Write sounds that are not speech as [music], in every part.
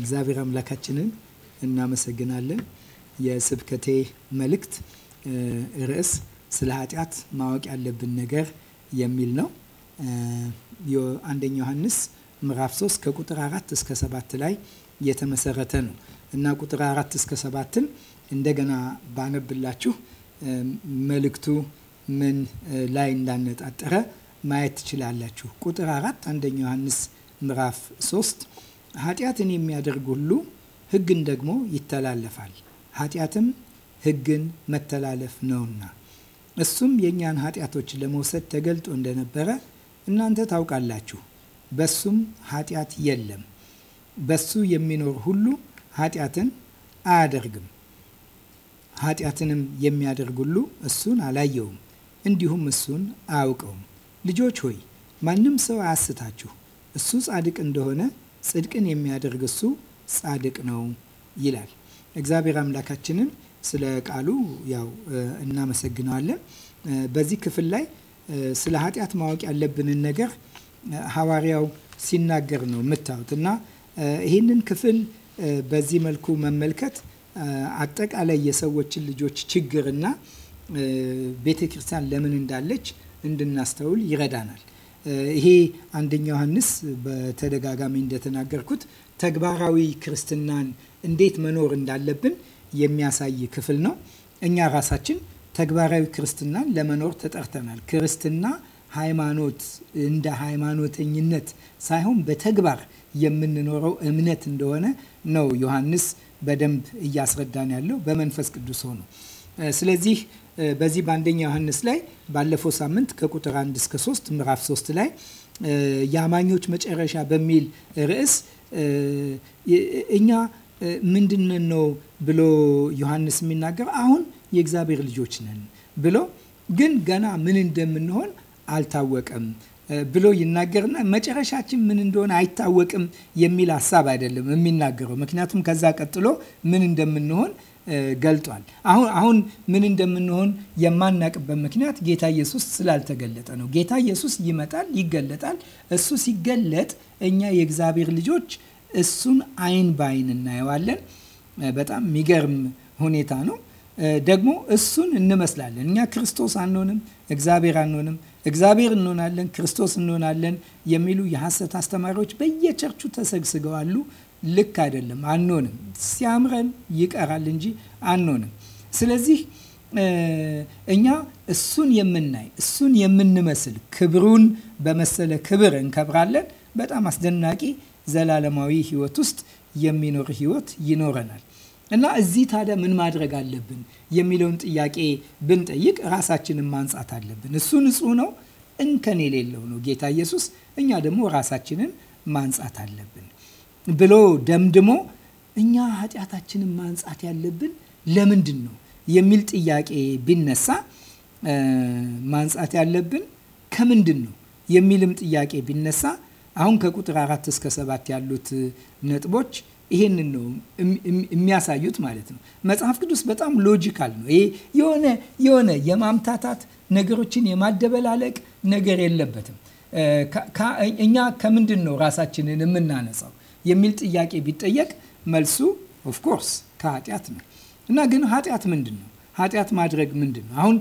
እግዚአብሔር አምላካችንን እናመሰግናለን። የስብከቴ መልእክት ርዕስ ስለ ኃጢአት ማወቅ ያለብን ነገር የሚል ነው። አንደኛ ዮሐንስ ምዕራፍ 3 ከቁጥር 4 እስከ 7 ላይ የተመሰረተ ነው እና ቁጥር 4 እስከ 7ን እንደገና ባነብላችሁ መልእክቱ ምን ላይ እንዳነጣጠረ ማየት ትችላላችሁ። ቁጥር 4 አንደኛ ዮሐንስ ምዕራፍ 3 ኃጢአትን የሚያደርግ ሁሉ ሕግን ደግሞ ይተላለፋል። ኃጢአትም ሕግን መተላለፍ ነውና እሱም የእኛን ኃጢአቶች ለመውሰድ ተገልጦ እንደነበረ እናንተ ታውቃላችሁ። በሱም ኃጢአት የለም። በሱ የሚኖር ሁሉ ኃጢአትን አያደርግም። ኃጢአትንም የሚያደርግ ሁሉ እሱን አላየውም፣ እንዲሁም እሱን አያውቀውም። ልጆች ሆይ ማንም ሰው አያስታችሁ። እሱ ጻድቅ እንደሆነ ጽድቅን የሚያደርግ እሱ ጻድቅ ነው ይላል። እግዚአብሔር አምላካችንን ስለ ቃሉ ያው እናመሰግነዋለን። በዚህ ክፍል ላይ ስለ ኃጢአት ማወቅ ያለብንን ነገር ሐዋርያው ሲናገር ነው የምታዩት እና ይህንን ክፍል በዚህ መልኩ መመልከት አጠቃላይ የሰዎችን ልጆች ችግርና ቤተ ክርስቲያን ለምን እንዳለች እንድናስተውል ይረዳናል። ይሄ አንደኛ ዮሐንስ በተደጋጋሚ እንደተናገርኩት ተግባራዊ ክርስትናን እንዴት መኖር እንዳለብን የሚያሳይ ክፍል ነው። እኛ ራሳችን ተግባራዊ ክርስትናን ለመኖር ተጠርተናል። ክርስትና ሃይማኖት እንደ ሃይማኖተኝነት ሳይሆን በተግባር የምንኖረው እምነት እንደሆነ ነው ዮሐንስ በደንብ እያስረዳን ያለው በመንፈስ ቅዱስ ሆኖ። ስለዚህ በዚህ በአንደኛ ዮሐንስ ላይ ባለፈው ሳምንት ከቁጥር 1 እስከ 3 ምዕራፍ 3 ላይ የአማኞች መጨረሻ በሚል ርዕስ እኛ ምንድን ነው ብሎ ዮሐንስ የሚናገር አሁን የእግዚአብሔር ልጆች ነን ብሎ ግን ገና ምን እንደምንሆን አልታወቀም ብሎ ይናገርና መጨረሻችን ምን እንደሆነ አይታወቅም የሚል ሀሳብ አይደለም የሚናገረው። ምክንያቱም ከዛ ቀጥሎ ምን እንደምንሆን ገልጧል። አሁን አሁን ምን እንደምንሆን የማናቅበት ምክንያት ጌታ ኢየሱስ ስላልተገለጠ ነው። ጌታ ኢየሱስ ይመጣል፣ ይገለጣል። እሱ ሲገለጥ እኛ የእግዚአብሔር ልጆች እሱን አይን በአይን እናየዋለን። በጣም የሚገርም ሁኔታ ነው። ደግሞ እሱን እንመስላለን። እኛ ክርስቶስ አንሆንም፣ እግዚአብሔር አንሆንም። እግዚአብሔር እንሆናለን፣ ክርስቶስ እንሆናለን የሚሉ የሐሰት አስተማሪዎች በየቸርቹ ተሰግስገዋሉ። ልክ አይደለም፣ አንሆንም። ሲያምረን ይቀራል እንጂ አንሆንም። ስለዚህ እኛ እሱን የምናይ እሱን የምንመስል ክብሩን በመሰለ ክብር እንከብራለን። በጣም አስደናቂ ዘላለማዊ ህይወት ውስጥ የሚኖር ህይወት ይኖረናል። እና እዚህ ታዲያ ምን ማድረግ አለብን የሚለውን ጥያቄ ብንጠይቅ ራሳችንን ማንጻት አለብን። እሱ ንጹህ ነው፣ እንከን የሌለው ነው ጌታ ኢየሱስ። እኛ ደግሞ ራሳችንን ማንጻት አለብን። ብሎ ደምድሞ እኛ ኃጢአታችንን ማንጻት ያለብን ለምንድን ነው የሚል ጥያቄ ቢነሳ ማንጻት ያለብን ከምንድን ነው የሚልም ጥያቄ ቢነሳ አሁን ከቁጥር አራት እስከ ሰባት ያሉት ነጥቦች ይሄንን ነው የሚያሳዩት ማለት ነው። መጽሐፍ ቅዱስ በጣም ሎጂካል ነው። ይሄ የሆነ የሆነ የማምታታት ነገሮችን የማደበላለቅ ነገር የለበትም። እኛ ከምንድን ነው ራሳችንን የምናነጻው? የሚል ጥያቄ ቢጠየቅ መልሱ ኦፍኮርስ ከኃጢአት ነው እና ግን ኃጢአት ምንድን ነው? ኃጢአት ማድረግ ምንድን ነው? አሁን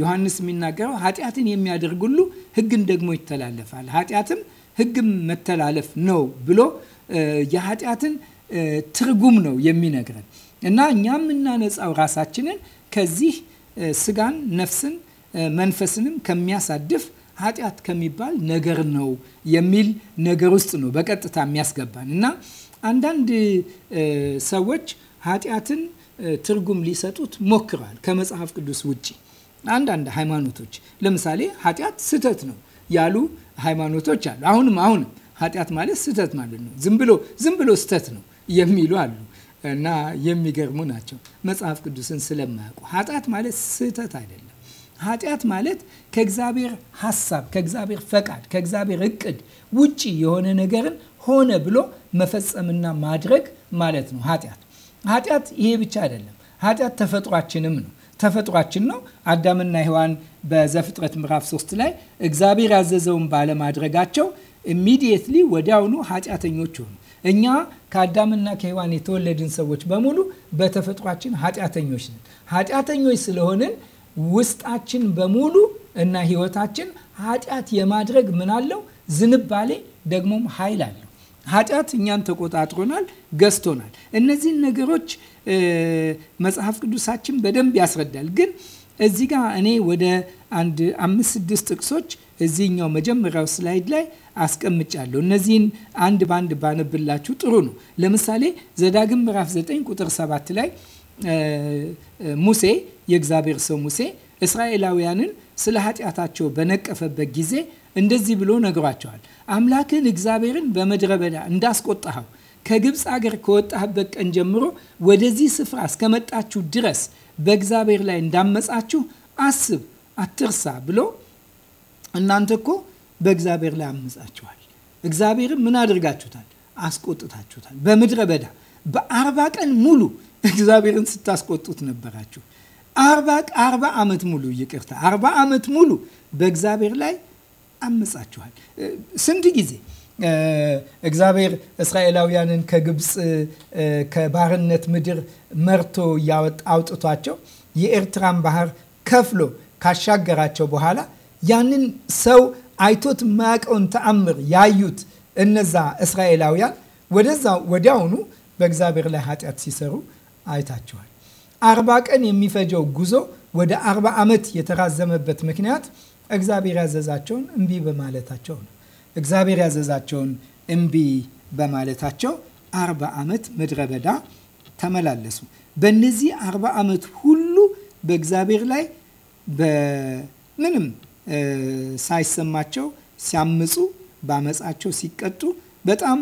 ዮሐንስ የሚናገረው ኃጢአትን የሚያደርግ ሁሉ ሕግን ደግሞ ይተላለፋል፣ ኃጢአትም ሕግም መተላለፍ ነው ብሎ የኃጢአትን ትርጉም ነው የሚነግረን እና እኛ የምናነጻው ራሳችንን ከዚህ ስጋን፣ ነፍስን መንፈስንም ከሚያሳድፍ ኃጢአት ከሚባል ነገር ነው የሚል ነገር ውስጥ ነው በቀጥታ የሚያስገባን እና አንዳንድ ሰዎች ኃጢአትን ትርጉም ሊሰጡት ሞክረዋል ከመጽሐፍ ቅዱስ ውጭ። አንዳንድ ሃይማኖቶች ለምሳሌ ኃጢአት ስህተት ነው ያሉ ሃይማኖቶች አሉ። አሁንም አሁንም ኃጢአት ማለት ስህተት ማለት ነው፣ ዝም ብሎ ዝም ብሎ ስህተት ነው የሚሉ አሉ እና የሚገርሙ ናቸው። መጽሐፍ ቅዱስን ስለማያውቁ ኃጢአት ማለት ስህተት አይደለም። ኃጢአት ማለት ከእግዚአብሔር ሀሳብ፣ ከእግዚአብሔር ፈቃድ፣ ከእግዚአብሔር እቅድ ውጪ የሆነ ነገርን ሆነ ብሎ መፈጸምና ማድረግ ማለት ነው ኃጢአት። ኃጢአት ይሄ ብቻ አይደለም። ኃጢአት ተፈጥሯችንም ነው ተፈጥሯችን ነው። አዳምና ሔዋን በዘፍጥረት ምዕራፍ 3 ላይ እግዚአብሔር ያዘዘውን ባለማድረጋቸው ኢሚዲየትሊ ወዲያውኑ ኃጢአተኞች ሆኑ። እኛ ከአዳምና ከሔዋን የተወለድን ሰዎች በሙሉ በተፈጥሯችን ኃጢአተኞች ነን። ኃጢአተኞች ስለሆንን ውስጣችን በሙሉ እና ህይወታችን ኃጢአት የማድረግ ምን አለው ዝንባሌ ደግሞም ኃይል አለው። ኃጢአት እኛን ተቆጣጥሮናል፣ ገዝቶናል። እነዚህን ነገሮች መጽሐፍ ቅዱሳችን በደንብ ያስረዳል። ግን እዚህ ጋር እኔ ወደ አንድ አምስት ስድስት ጥቅሶች እዚህኛው መጀመሪያው ስላይድ ላይ አስቀምጫለሁ። እነዚህን አንድ በአንድ ባነብላችሁ ጥሩ ነው። ለምሳሌ ዘዳግም ምዕራፍ 9 ቁጥር 7 ላይ ሙሴ የእግዚአብሔር ሰው ሙሴ እስራኤላውያንን ስለ ኃጢአታቸው በነቀፈበት ጊዜ እንደዚህ ብሎ ነግሯቸዋል። አምላክን እግዚአብሔርን በምድረ በዳ እንዳስቆጣኸው ከግብፅ አገር ከወጣህበት ቀን ጀምሮ ወደዚህ ስፍራ እስከመጣችሁ ድረስ በእግዚአብሔር ላይ እንዳመጻችሁ አስብ፣ አትርሳ ብሎ እናንተ እኮ በእግዚአብሔር ላይ አመጻችኋል። እግዚአብሔርን ምን አድርጋችሁታል? አስቆጥታችሁታል። በምድረ በዳ በአርባ ቀን ሙሉ እግዚአብሔርን ስታስቆጡት ነበራችሁ። አርባ አርባ ዓመት ሙሉ ይቅርታ፣ አርባ ዓመት ሙሉ በእግዚአብሔር ላይ አመጻችኋል። ስንት ጊዜ እግዚአብሔር እስራኤላውያንን ከግብፅ ከባርነት ምድር መርቶ አውጥቷቸው የኤርትራን ባህር ከፍሎ ካሻገራቸው በኋላ ያንን ሰው አይቶት የማያውቀውን ተአምር ያዩት እነዛ እስራኤላውያን ወደዛ ወዲያውኑ በእግዚአብሔር ላይ ኃጢአት ሲሰሩ አይታችኋል። አርባ ቀን የሚፈጀው ጉዞ ወደ አርባ ዓመት የተራዘመበት ምክንያት እግዚአብሔር ያዘዛቸውን እምቢ በማለታቸው ነው። እግዚአብሔር ያዘዛቸውን እምቢ በማለታቸው አርባ ዓመት ምድረ በዳ ተመላለሱ። በእነዚህ አርባ ዓመት ሁሉ በእግዚአብሔር ላይ በምንም ሳይሰማቸው ሲያምፁ፣ በአመፃቸው ሲቀጡ በጣም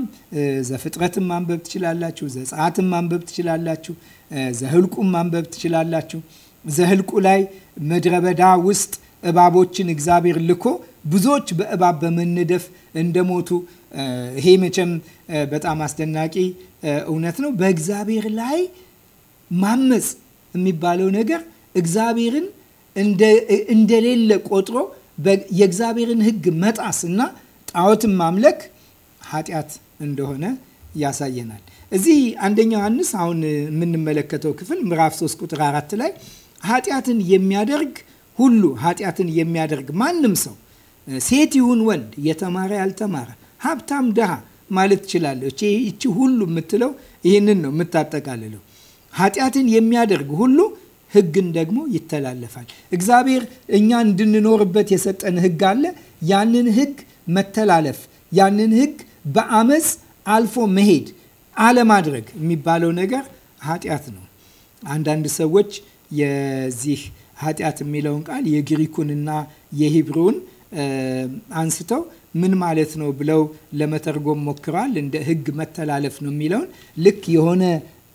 ዘፍጥረትን ማንበብ ትችላላችሁ፣ ዘጸአትን ማንበብ ትችላላችሁ፣ ዘህልቁን ማንበብ ትችላላችሁ። ዘህልቁ ላይ ምድረ በዳ ውስጥ እባቦችን እግዚአብሔር ልኮ ብዙዎች በእባብ በመነደፍ እንደሞቱ ይሄ መቼም በጣም አስደናቂ እውነት ነው። በእግዚአብሔር ላይ ማመፅ የሚባለው ነገር እግዚአብሔርን እንደሌለ ቆጥሮ የእግዚአብሔርን ሕግ መጣስ እና ጣዖትን ማምለክ ኃጢአት እንደሆነ ያሳየናል። እዚህ አንደኛ ዮሐንስ አሁን የምንመለከተው ክፍል ምዕራፍ 3 ቁጥር 4 ላይ ኃጢአትን የሚያደርግ ሁሉ ኃጢአትን የሚያደርግ ማንም ሰው ሴት ይሁን ወንድ፣ የተማረ ያልተማረ፣ ሀብታም ድሃ ማለት ትችላለች። ይቺ ሁሉ የምትለው ይህንን ነው የምታጠቃልለው። ኃጢአትን የሚያደርግ ሁሉ ህግን ደግሞ ይተላለፋል። እግዚአብሔር እኛ እንድንኖርበት የሰጠን ህግ አለ። ያንን ህግ መተላለፍ ያንን ህግ በአመፅ አልፎ መሄድ አለማድረግ የሚባለው ነገር ኃጢአት ነው። አንዳንድ ሰዎች የዚህ ኃጢአት የሚለውን ቃል የግሪኩንና የሂብሩን አንስተው ምን ማለት ነው ብለው ለመተርጎም ሞክረዋል። እንደ ህግ መተላለፍ ነው የሚለውን ልክ የሆነ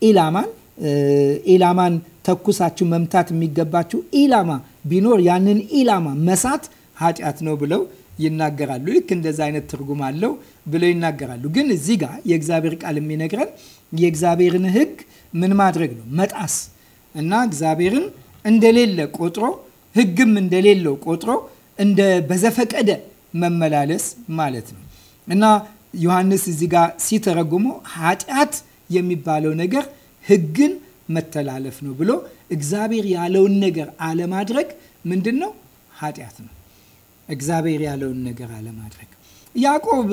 ኢላማን ኢላማን ተኩሳችሁ መምታት የሚገባችሁ ኢላማ ቢኖር ያንን ኢላማ መሳት ኃጢአት ነው ብለው ይናገራሉ። ልክ እንደዚ አይነት ትርጉም አለው ብለው ይናገራሉ። ግን እዚህ ጋር የእግዚአብሔር ቃል የሚነግረን የእግዚአብሔርን ሕግ ምን ማድረግ ነው? መጣስ እና እግዚአብሔርን እንደሌለ ቆጥሮ ሕግም እንደሌለው ቆጥሮ እንደ በዘፈቀደ መመላለስ ማለት ነው እና ዮሐንስ እዚህ ጋር ሲተረጉሞ ኃጢአት የሚባለው ነገር ሕግን መተላለፍ ነው ብሎ እግዚአብሔር ያለውን ነገር አለማድረግ ምንድን ነው? ኃጢአት ነው። እግዚአብሔር ያለውን ነገር አለማድረግ። ያዕቆብ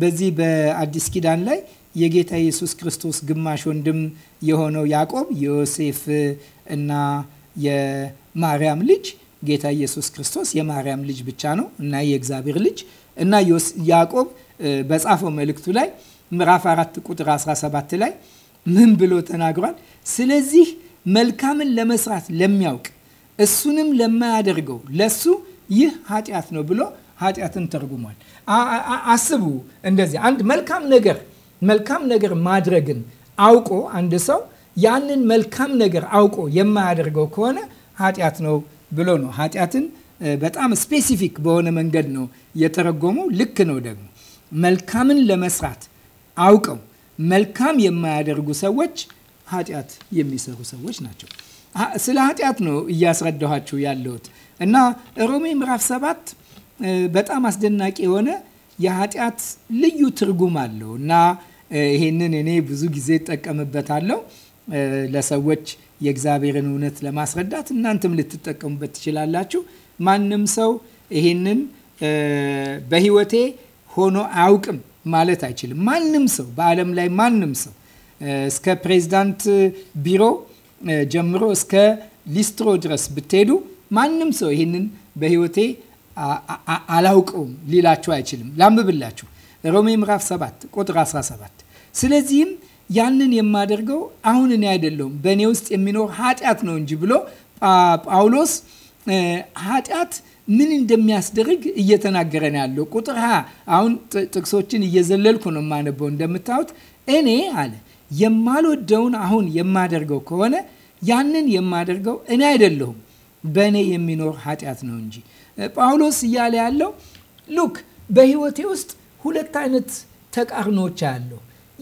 በዚህ በአዲስ ኪዳን ላይ የጌታ ኢየሱስ ክርስቶስ ግማሽ ወንድም የሆነው ያዕቆብ የዮሴፍ እና የማርያም ልጅ ጌታ ኢየሱስ ክርስቶስ የማርያም ልጅ ብቻ ነው እና የእግዚአብሔር ልጅ እና ያዕቆብ በጻፈው መልእክቱ ላይ ምዕራፍ 4 ቁጥር 17 ላይ ምን ብሎ ተናግሯል? ስለዚህ መልካምን ለመስራት ለሚያውቅ እሱንም ለማያደርገው ለሱ ይህ ኃጢአት ነው ብሎ ኃጢአትን ተርጉሟል። አስቡ እንደዚህ አንድ መልካም ነገር መልካም ነገር ማድረግን አውቆ አንድ ሰው ያንን መልካም ነገር አውቆ የማያደርገው ከሆነ ኃጢአት ነው ብሎ ነው። ኃጢአትን በጣም ስፔሲፊክ በሆነ መንገድ ነው የተረጎመው። ልክ ነው ደግሞ መልካምን ለመስራት አውቀው መልካም የማያደርጉ ሰዎች ኃጢአት የሚሰሩ ሰዎች ናቸው። ስለ ኃጢአት ነው እያስረዳኋችሁ ያለሁት። እና ሮሜ ምዕራፍ ሰባት በጣም አስደናቂ የሆነ የኃጢአት ልዩ ትርጉም አለው እና ይሄንን እኔ ብዙ ጊዜ እጠቀምበታለሁ ለሰዎች የእግዚአብሔርን እውነት ለማስረዳት እናንተም ልትጠቀሙበት ትችላላችሁ። ማንም ሰው ይሄንን በህይወቴ ሆኖ አያውቅም ማለት አይችልም። ማንም ሰው በዓለም ላይ ማንም ሰው እስከ ፕሬዚዳንት ቢሮ ጀምሮ እስከ ሊስትሮ ድረስ ብትሄዱ ማንም ሰው ይህንን በህይወቴ አላውቀውም ሊላችሁ አይችልም። ላንብብላችሁ ሮሜ ምዕራፍ 7 ቁጥር 17 ስለዚህም ያንን የማደርገው አሁን እኔ አይደለሁም በእኔ ውስጥ የሚኖር ኃጢአት ነው እንጂ ብሎ ጳውሎስ ኃጢአት ምን እንደሚያስደርግ እየተናገረ ነው ያለው። ቁጥር ሀ አሁን ጥቅሶችን እየዘለልኩ ነው የማነበው። እንደምታዩት እኔ አለ የማልወደውን አሁን የማደርገው ከሆነ ያንን የማደርገው እኔ አይደለሁም በእኔ የሚኖር ኃጢአት ነው እንጂ። ጳውሎስ እያለ ያለው ሉክ በህይወቴ ውስጥ ሁለት አይነት ተቃርኖች አለሁ።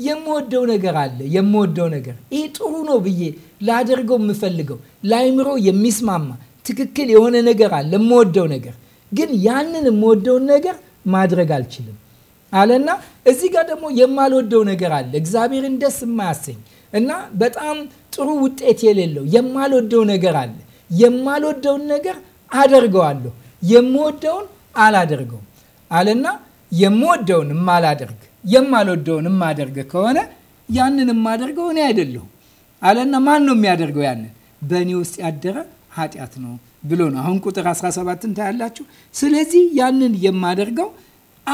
የምወደው ነገር አለ። የምወደው ነገር ይህ ጥሩ ነው ብዬ ላደርገው የምፈልገው ለአይምሮ የሚስማማ ትክክል የሆነ ነገር አለ። የምወደው ነገር ግን ያንን የምወደውን ነገር ማድረግ አልችልም አለና እዚህ ጋር ደግሞ የማልወደው ነገር አለ። እግዚአብሔርን ደስ የማያሰኝ እና በጣም ጥሩ ውጤት የሌለው የማልወደው ነገር አለ። የማልወደውን ነገር አደርገዋለሁ፣ የምወደውን አላደርገውም አለና የምወደውን ማላደርግ የማልወደውን ማደርግ ከሆነ ያንን የማደርገው እኔ አይደለሁም አለና ማን ነው የሚያደርገው? ያንን በእኔ ውስጥ ያደረ ኃጢአት ነው ብሎ ነው። አሁን ቁጥር 17 እንታያላችሁ። ስለዚህ ያንን የማደርገው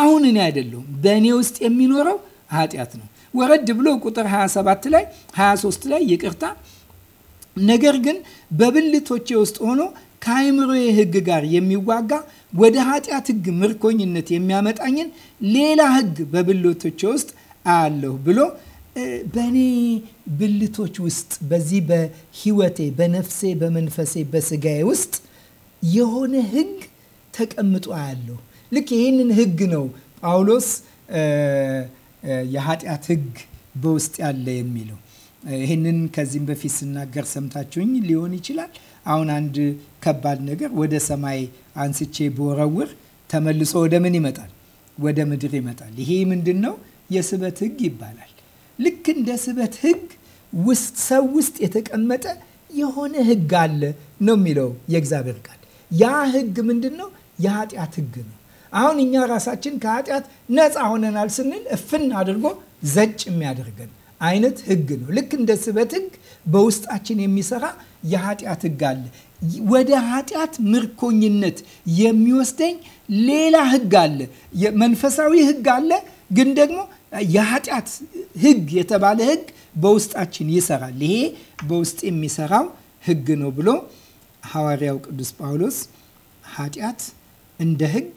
አሁን እኔ አይደለሁም በእኔ ውስጥ የሚኖረው ኃጢአት ነው። ወረድ ብሎ ቁጥር 27 ላይ 23 ላይ ይቅርታ ነገር ግን በብልቶቼ ውስጥ ሆኖ ከአይምሮዬ ሕግ ጋር የሚዋጋ ወደ ኃጢአት ሕግ ምርኮኝነት የሚያመጣኝን ሌላ ሕግ በብልቶቼ ውስጥ አያለሁ ብሎ በእኔ ብልቶች ውስጥ በዚህ በህይወቴ፣ በነፍሴ፣ በመንፈሴ፣ በስጋዬ ውስጥ የሆነ ህግ ተቀምጦ አያለሁ። ልክ ይህንን ህግ ነው ጳውሎስ የኃጢአት ህግ በውስጥ ያለ የሚለው ይህንን ከዚህም በፊት ስናገር ሰምታችሁኝ ሊሆን ይችላል። አሁን አንድ ከባድ ነገር ወደ ሰማይ አንስቼ ብወረውር ተመልሶ ወደ ምን ይመጣል? ወደ ምድር ይመጣል። ይሄ ምንድን ነው? የስበት ህግ ይባላል። ልክ እንደ ስበት ህግ ውስጥ ሰው ውስጥ የተቀመጠ የሆነ ህግ አለ ነው የሚለው የእግዚአብሔር ቃል። ያ ህግ ምንድን ነው? የኃጢአት ህግ ነው። አሁን እኛ ራሳችን ከኃጢአት ነፃ ሆነናል ስንል እፍን አድርጎ ዘጭ የሚያደርገን አይነት ህግ ነው። ልክ እንደ ስበት ህግ በውስጣችን የሚሰራ የኃጢአት ህግ አለ። ወደ ኃጢአት ምርኮኝነት የሚወስደኝ ሌላ ህግ አለ። መንፈሳዊ ህግ አለ፣ ግን ደግሞ የኃጢአት ህግ የተባለ ህግ በውስጣችን ይሰራል። ይሄ በውስጥ የሚሰራው ህግ ነው ብሎ ሐዋርያው ቅዱስ ጳውሎስ ኃጢአት እንደ ህግ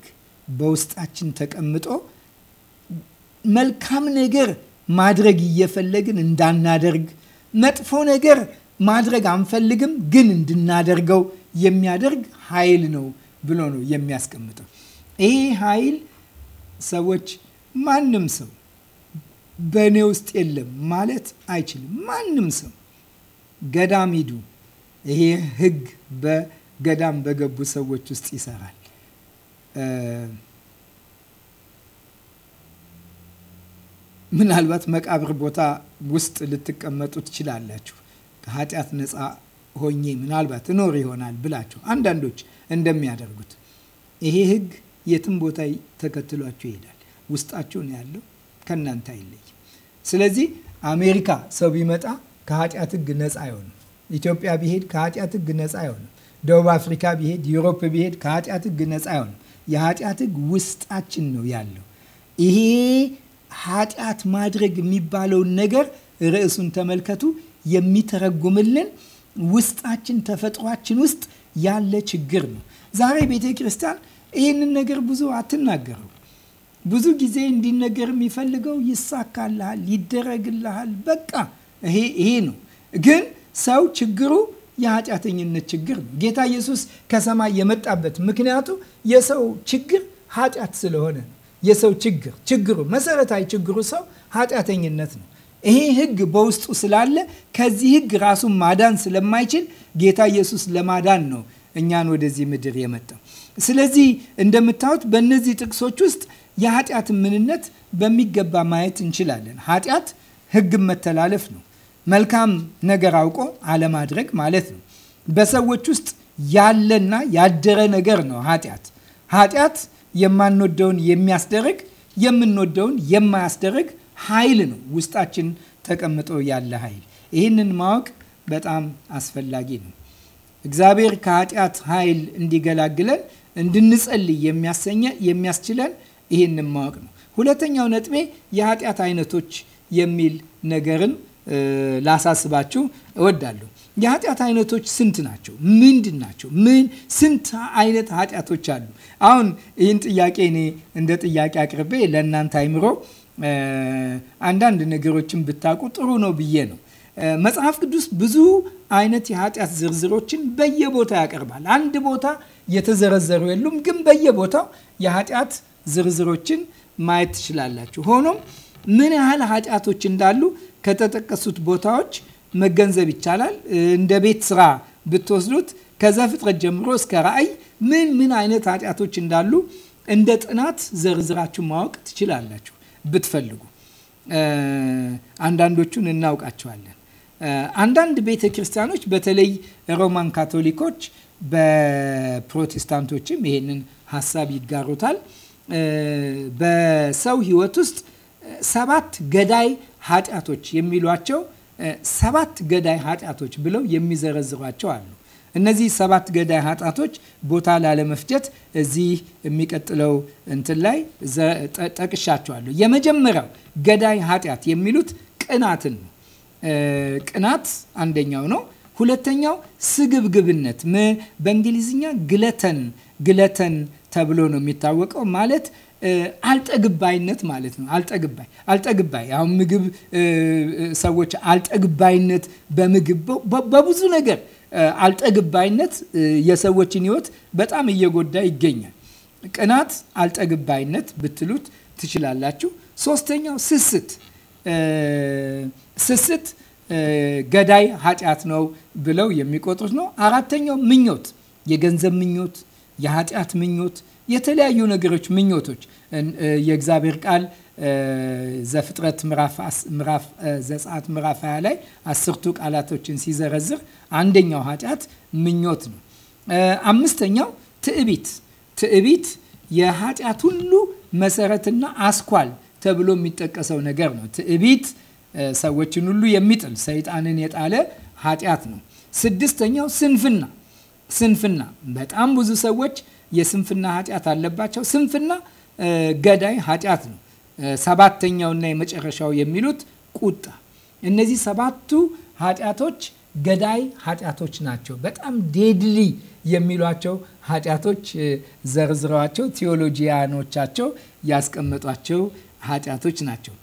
በውስጣችን ተቀምጦ መልካም ነገር ማድረግ እየፈለግን እንዳናደርግ፣ መጥፎ ነገር ማድረግ አንፈልግም ግን እንድናደርገው የሚያደርግ ኃይል ነው ብሎ ነው የሚያስቀምጠው። ይሄ ኃይል ሰዎች ማንም ሰው በእኔ ውስጥ የለም ማለት አይችልም። ማንም ሰው ገዳም ሂዱ፣ ይሄ ህግ በገዳም በገቡ ሰዎች ውስጥ ይሰራል። ምናልባት መቃብር ቦታ ውስጥ ልትቀመጡ ትችላላችሁ። ከኃጢአት ነፃ ሆኜ ምናልባት እኖር ይሆናል ብላችሁ አንዳንዶች እንደሚያደርጉት ይሄ ህግ የትም ቦታ ተከትሏችሁ ይሄዳል። ውስጣችሁ ነው ያለው፣ ከእናንተ አይለይም። ስለዚህ አሜሪካ ሰው ቢመጣ ከኃጢአት ህግ ነፃ አይሆንም። ኢትዮጵያ ቢሄድ ከኃጢአት ህግ ነፃ አይሆንም። ደቡብ አፍሪካ ቢሄድ፣ ዩሮፕ ቢሄድ ከኃጢአት ህግ ነፃ አይሆንም። የኃጢአት ህግ ውስጣችን ነው ያለው። ይሄ ኃጢአት ማድረግ የሚባለውን ነገር ርዕሱን ተመልከቱ የሚተረጉምልን ውስጣችን ተፈጥሯችን ውስጥ ያለ ችግር ነው። ዛሬ ቤተ ክርስቲያን ይህንን ነገር ብዙ አትናገሩ። ብዙ ጊዜ እንዲነገር የሚፈልገው ይሳካልሃል፣ ይደረግልሃል፣ በቃ ይሄ ይሄ ነው። ግን ሰው ችግሩ የኃጢአተኝነት ችግር ነው። ጌታ ኢየሱስ ከሰማይ የመጣበት ምክንያቱ የሰው ችግር ኃጢአት ስለሆነ ነው። የሰው ችግር ችግሩ መሰረታዊ ችግሩ ሰው ኃጢአተኝነት ነው። ይሄ ህግ በውስጡ ስላለ ከዚህ ህግ ራሱን ማዳን ስለማይችል ጌታ ኢየሱስ ለማዳን ነው እኛን ወደዚህ ምድር የመጣው። ስለዚህ እንደምታዩት በእነዚህ ጥቅሶች ውስጥ የኃጢአትን ምንነት በሚገባ ማየት እንችላለን። ኃጢአት ህግን መተላለፍ ነው። መልካም ነገር አውቆ አለማድረግ ማለት ነው። በሰዎች ውስጥ ያለና ያደረ ነገር ነው ኃጢአት ኃጢአት የማንወደውን የሚያስደርግ የምንወደውን የማያስደርግ ኃይል ነው ውስጣችን ተቀምጦ ያለ ኃይል። ይህንን ማወቅ በጣም አስፈላጊ ነው። እግዚአብሔር ከኃጢአት ኃይል እንዲገላግለን እንድንጸልይ የሚያሰኘ የሚያስችለን ይህንን ማወቅ ነው። ሁለተኛው ነጥቤ የኃጢአት አይነቶች የሚል ነገርን ላሳስባችሁ እወዳለሁ። የኃጢአት አይነቶች ስንት ናቸው? ምንድን ናቸው? ምን ስንት አይነት ኃጢአቶች አሉ? አሁን ይህን ጥያቄ እኔ እንደ ጥያቄ አቅርቤ ለእናንተ አይምሮ አንዳንድ ነገሮችን ብታውቁ ጥሩ ነው ብዬ ነው። መጽሐፍ ቅዱስ ብዙ አይነት የኃጢአት ዝርዝሮችን በየቦታ ያቀርባል። አንድ ቦታ የተዘረዘሩ የሉም፣ ግን በየቦታው የኃጢአት ዝርዝሮችን ማየት ትችላላችሁ። ሆኖም ምን ያህል ኃጢአቶች እንዳሉ ከተጠቀሱት ቦታዎች መገንዘብ ይቻላል። እንደ ቤት ስራ ብትወስዱት ከዘፍጥረት ጀምሮ እስከ ራእይ ምን ምን አይነት ኃጢአቶች እንዳሉ እንደ ጥናት ዘርዝራችሁ ማወቅ ትችላላችሁ ብትፈልጉ። አንዳንዶቹን እናውቃቸዋለን። አንዳንድ ቤተ ክርስቲያኖች በተለይ ሮማን ካቶሊኮች በፕሮቴስታንቶችም ይሄንን ሀሳብ ይጋሩታል። በሰው ህይወት ውስጥ ሰባት ገዳይ ኃጢአቶች የሚሏቸው ሰባት ገዳይ ኃጢአቶች ብለው የሚዘረዝሯቸው አሉ። እነዚህ ሰባት ገዳይ ኃጢአቶች ቦታ ላለመፍጀት እዚህ የሚቀጥለው እንትን ላይ ጠቅሻቸዋለሁ። የመጀመሪያው ገዳይ ኃጢአት የሚሉት ቅናትን ነው። ቅናት አንደኛው ነው። ሁለተኛው ስግብግብነት፣ በእንግሊዝኛ ግለተን ግለተን ተብሎ ነው የሚታወቀው። ማለት አልጠግባይነት ማለት ነው። አልጠግባይ አልጠግባይ አሁን ምግብ ሰዎች አልጠግባይነት በምግብ በብዙ ነገር አልጠግባይነት የሰዎችን ሕይወት በጣም እየጎዳ ይገኛል። ቅናት አልጠግባይነት ብትሉት ትችላላችሁ። ሶስተኛው ስስት ስስት ገዳይ ኃጢአት ነው ብለው የሚቆጥሩት ነው። አራተኛው ምኞት፣ የገንዘብ ምኞት፣ የኃጢአት ምኞት የተለያዩ ነገሮች፣ ምኞቶች የእግዚአብሔር ቃል ዘፍጥረት ምዕራፍ ዘጸአት ምዕራፍ 20 ላይ አስርቱ ቃላቶችን ሲዘረዝር አንደኛው ኃጢአት ምኞት ነው። አምስተኛው ትዕቢት። ትዕቢት የኃጢአት ሁሉ መሰረትና አስኳል ተብሎ የሚጠቀሰው ነገር ነው። ትዕቢት ሰዎችን ሁሉ የሚጥል ሰይጣንን የጣለ ኃጢአት ነው። ስድስተኛው ስንፍና ስንፍና በጣም ብዙ ሰዎች የስንፍና ኃጢአት አለባቸው። ስንፍና ገዳይ ኃጢአት ነው። ሰባተኛውና የመጨረሻው የሚሉት ቁጣ። እነዚህ ሰባቱ ኃጢአቶች ገዳይ ኃጢአቶች ናቸው። በጣም ዴድሊ የሚሏቸው ኃጢአቶች ዘርዝረዋቸው ቴዎሎጂያኖቻቸው ያስቀመጧቸው ኃጢአቶች ናቸው።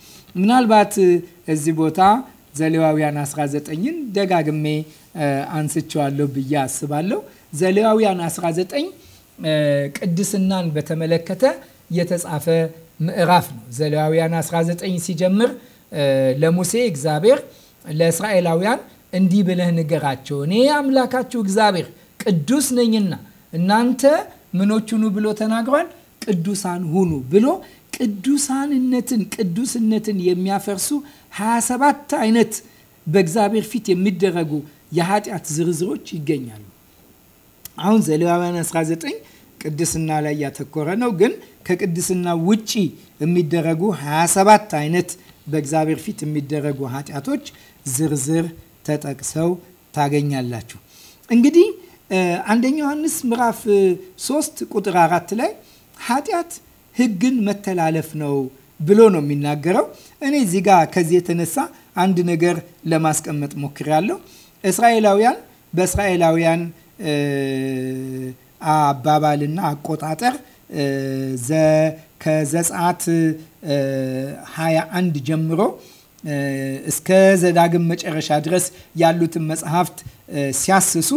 ምናልባት እዚህ ቦታ ዘሌዋውያን 19ን ደጋግሜ አንስቸዋለሁ ብዬ አስባለሁ። ዘሌዋውያን 19 ቅድስናን በተመለከተ የተጻፈ ምዕራፍ ነው። ዘሌዋውያን 19 ሲጀምር ለሙሴ እግዚአብሔር ለእስራኤላውያን እንዲህ ብለህ ንገራቸው፣ እኔ አምላካችሁ እግዚአብሔር ቅዱስ ነኝና እናንተ ምኖች ብሎ ተናግሯል። ቅዱሳን ሁኑ ብሎ ቅዱሳንነትን ቅዱስነትን የሚያፈርሱ 27 አይነት በእግዚአብሔር ፊት የሚደረጉ የኃጢአት ዝርዝሮች ይገኛሉ። አሁን ዘሌዋውያን 19 ቅድስና ላይ ያተኮረ ነው። ግን ከቅድስና ውጪ የሚደረጉ 27 አይነት በእግዚአብሔር ፊት የሚደረጉ ኃጢአቶች ዝርዝር ተጠቅሰው ታገኛላችሁ። እንግዲህ አንደኛ ዮሐንስ ምዕራፍ 3 ቁጥር 4 ላይ ኃጢአት ሕግን መተላለፍ ነው ብሎ ነው የሚናገረው። እኔ እዚህ ጋር ከዚህ የተነሳ አንድ ነገር ለማስቀመጥ ሞክሬያለሁ። እስራኤላውያን በእስራኤላውያን አባባልና አቆጣጠር ከዘጸአት 21 ጀምሮ እስከ ዘዳግም መጨረሻ ድረስ ያሉትን መጽሐፍት ሲያስሱ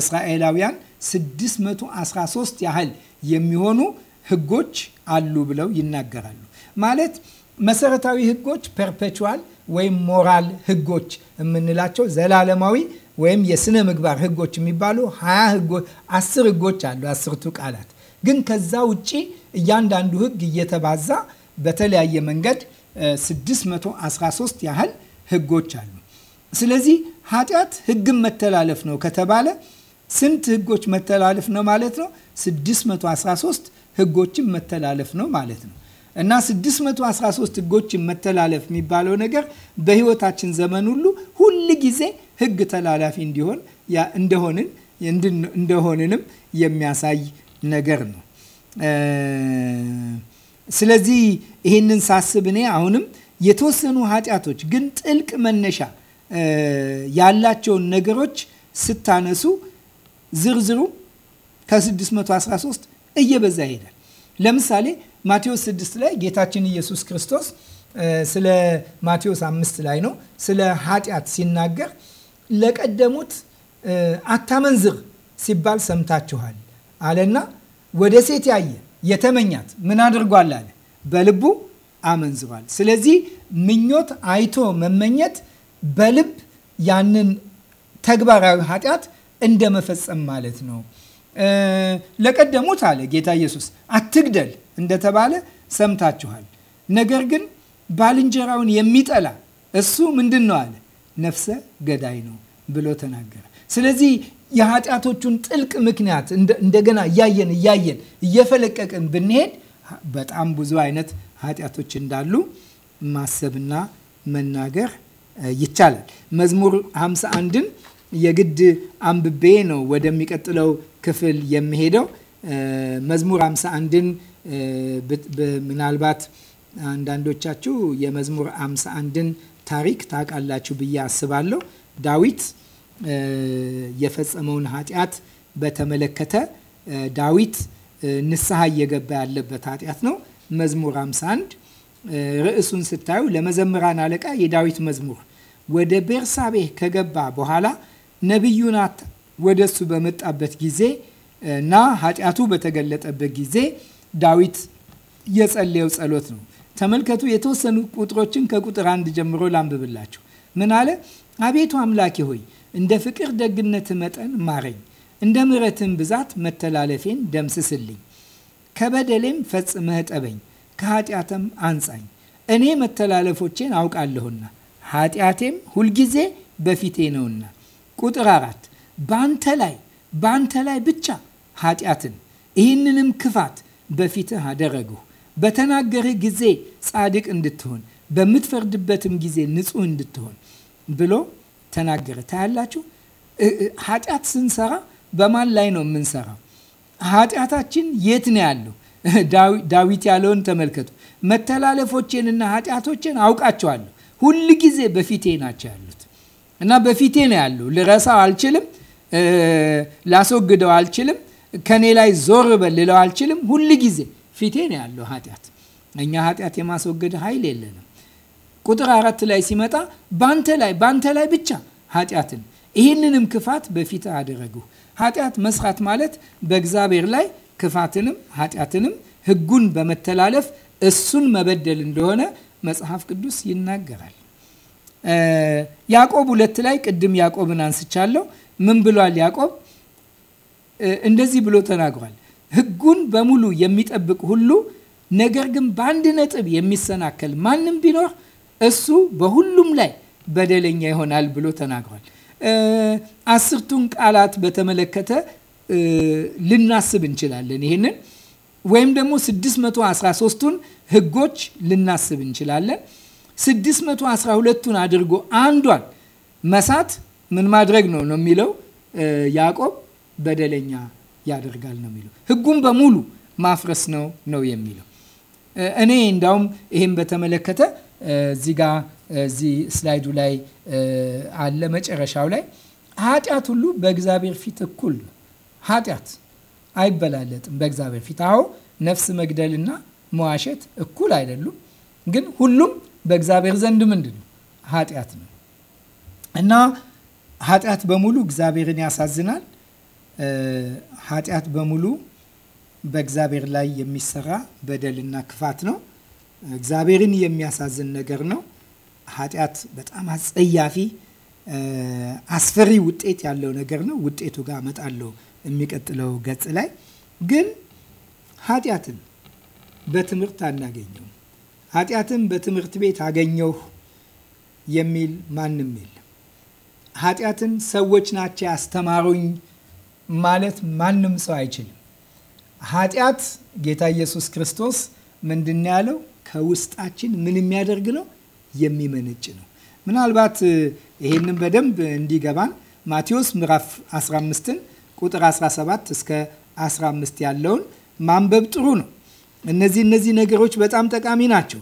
እስራኤላውያን 613 ያህል የሚሆኑ ህጎች አሉ ብለው ይናገራሉ። ማለት መሰረታዊ ህጎች ፐርፔቹዋል ወይም ሞራል ህጎች የምንላቸው ዘላለማዊ ወይም የስነ ምግባር ህጎች የሚባሉ ሀያ ህጎች አስር ህጎች አሉ። አስርቱ ቃላት ግን ከዛ ውጪ እያንዳንዱ ህግ እየተባዛ በተለያየ መንገድ 613 ያህል ህጎች አሉ። ስለዚህ ኃጢአት ህግን መተላለፍ ነው ከተባለ ስንት ህጎች መተላለፍ ነው ማለት ነው? 613 ህጎችን መተላለፍ ነው ማለት ነው። እና 613 ህጎችን መተላለፍ የሚባለው ነገር በህይወታችን ዘመን ሁሉ ሁል ጊዜ ህግ ተላላፊ እንዲሆን እንደሆንን እንደሆንንም የሚያሳይ ነገር ነው። ስለዚህ ይህንን ሳስብ እኔ አሁንም የተወሰኑ ኃጢአቶች ግን ጥልቅ መነሻ ያላቸውን ነገሮች ስታነሱ ዝርዝሩ ከ613 እየበዛ ይሄዳል። ለምሳሌ ማቴዎስ 6 ላይ ጌታችን ኢየሱስ ክርስቶስ ስለ ማቴዎስ 5 ላይ ነው ስለ ኃጢአት ሲናገር ለቀደሙት አታመንዝር ሲባል ሰምታችኋል አለና ወደ ሴት ያየ የተመኛት ምን አድርጓል አለ በልቡ አመንዝሯል። ስለዚህ ምኞት አይቶ መመኘት በልብ ያንን ተግባራዊ ኃጢአት እንደ መፈጸም ማለት ነው። ለቀደሙት አለ ጌታ ኢየሱስ አትግደል እንደተባለ ሰምታችኋል። ነገር ግን ባልንጀራውን የሚጠላ እሱ ምንድን ነው አለ ነፍሰ ገዳይ ነው ብሎ ተናገረ። ስለዚህ የኃጢአቶቹን ጥልቅ ምክንያት እንደገና እያየን እያየን እየፈለቀቅን ብንሄድ በጣም ብዙ አይነት ኃጢአቶች እንዳሉ ማሰብና መናገር ይቻላል። መዝሙር 51ን የግድ አንብቤ ነው ወደሚቀጥለው ክፍል የሚሄደው። መዝሙር 51ን ምናልባት አንዳንዶቻችሁ የመዝሙር አምሳ አንድን ታሪክ ታውቃላችሁ ብዬ አስባለሁ። ዳዊት የፈጸመውን ኃጢአት በተመለከተ ዳዊት ንስሐ እየገባ ያለበት ኃጢአት ነው። መዝሙር 51 ርዕሱን ስታዩ ለመዘምራን አለቃ የዳዊት መዝሙር። ወደ ቤርሳቤህ ከገባ በኋላ ነቢዩ ናታን ወደ እሱ በመጣበት ጊዜ እና ኃጢአቱ በተገለጠበት ጊዜ ዳዊት የጸለየው ጸሎት ነው። ተመልከቱ የተወሰኑ ቁጥሮችን ከቁጥር አንድ ጀምሮ ላንብብላችሁ። ምን አለ? አቤቱ አምላኬ ሆይ እንደ ፍቅር ደግነት መጠን ማረኝ፣ እንደ ምረትን ብዛት መተላለፌን ደምስስልኝ፣ ከበደሌም ፈጽመህ ጠበኝ፣ ከኃጢአትም አንጻኝ። እኔ መተላለፎቼን አውቃለሁና ኃጢአቴም ሁልጊዜ በፊቴ ነውና። ቁጥር አራት በአንተ ላይ በአንተ ላይ ብቻ ኃጢአትን ይህንንም ክፋት በፊትህ አደረግሁ። በተናገረ ጊዜ ጻድቅ እንድትሆን፣ በምትፈርድበትም ጊዜ ንጹህ እንድትሆን ብሎ ተናገረ። ታያላችሁ፣ ኃጢአት ስንሰራ በማን ላይ ነው የምንሰራው? ኃጢአታችን የት ነው ያለው? [laughs] ዳዊት ያለውን ተመልከቱ። መተላለፎቼንና ኃጢአቶቼን አውቃቸዋለሁ፣ ሁል ጊዜ በፊቴ ናቸው ያሉት እና በፊቴ ነው ያለው። ልረሳው አልችልም፣ ላስወግደው አልችልም። ከኔ ላይ ዞር በል ልለው አልችልም። ሁል ጊዜ ፊቴ ነው ያለው ኃጢአት። እኛ ኃጢአት የማስወገድ ኃይል የለንም። ቁጥር አራት ላይ ሲመጣ ባንተ ላይ ባንተ ላይ ብቻ ኃጢአትን ይህንንም ክፋት በፊት አደረግሁ። ኃጢአት መስራት ማለት በእግዚአብሔር ላይ ክፋትንም ኃጢአትንም ህጉን በመተላለፍ እሱን መበደል እንደሆነ መጽሐፍ ቅዱስ ይናገራል። ያዕቆብ ሁለት ላይ ቅድም ያዕቆብን አንስቻለሁ። ምን ብሏል ያዕቆብ? እንደዚህ ብሎ ተናግሯል። ሕጉን በሙሉ የሚጠብቅ ሁሉ ነገር ግን በአንድ ነጥብ የሚሰናከል ማንም ቢኖር እሱ በሁሉም ላይ በደለኛ ይሆናል ብሎ ተናግሯል። አስርቱን ቃላት በተመለከተ ልናስብ እንችላለን። ይህንን ወይም ደግሞ 613ቱን ህጎች ልናስብ እንችላለን። 612ቱን አድርጎ አንዷን መሳት ምን ማድረግ ነው ነው የሚለው ያዕቆብ በደለኛ ያደርጋል ነው የሚለው። ህጉን በሙሉ ማፍረስ ነው ነው የሚለው። እኔ እንዳውም ይህም በተመለከተ እዚህ ጋ እዚህ ስላይዱ ላይ አለ መጨረሻው ላይ ኃጢአት ሁሉ በእግዚአብሔር ፊት እኩል ነው። ኃጢአት አይበላለጥም በእግዚአብሔር ፊት። አዎ ነፍስ መግደልና መዋሸት እኩል አይደሉም፣ ግን ሁሉም በእግዚአብሔር ዘንድ ምንድን ነው ኃጢአት ነው እና ኃጢአት በሙሉ እግዚአብሔርን ያሳዝናል ኃጢአት በሙሉ በእግዚአብሔር ላይ የሚሰራ በደልና ክፋት ነው። እግዚአብሔርን የሚያሳዝን ነገር ነው። ኃጢአት በጣም አጸያፊ፣ አስፈሪ ውጤት ያለው ነገር ነው። ውጤቱ ጋር እመጣለሁ የሚቀጥለው ገጽ ላይ። ግን ኃጢአትን በትምህርት አናገኘው። ኃጢአትን በትምህርት ቤት አገኘሁ የሚል ማንም የለም። ኃጢአትን ሰዎች ናቸው ያስተማሩኝ ማለት ማንም ሰው አይችልም። ኃጢአት ጌታ ኢየሱስ ክርስቶስ ምንድን ያለው ከውስጣችን ምን የሚያደርግ ነው? የሚመነጭ ነው። ምናልባት ይሄንን በደንብ እንዲገባን ማቴዎስ ምዕራፍ 15ን ቁጥር 17 እስከ 15 ያለውን ማንበብ ጥሩ ነው። እነዚህ እነዚህ ነገሮች በጣም ጠቃሚ ናቸው።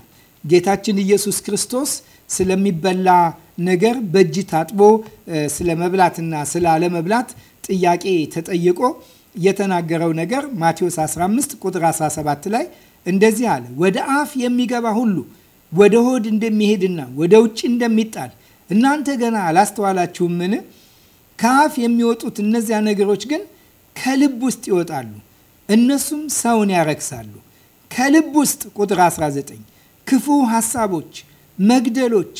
ጌታችን ኢየሱስ ክርስቶስ ስለሚበላ ነገር በእጅ ታጥቦ ስለ መብላትና ስለ አለመብላት ጥያቄ ተጠይቆ የተናገረው ነገር ማቴዎስ 15 ቁጥር 17 ላይ እንደዚህ አለ። ወደ አፍ የሚገባ ሁሉ ወደ ሆድ እንደሚሄድና ወደ ውጭ እንደሚጣል እናንተ ገና አላስተዋላችሁምን? ከአፍ የሚወጡት እነዚያ ነገሮች ግን ከልብ ውስጥ ይወጣሉ፣ እነሱም ሰውን ያረክሳሉ። ከልብ ውስጥ ቁጥር 19 ክፉ ሐሳቦች፣ መግደሎች፣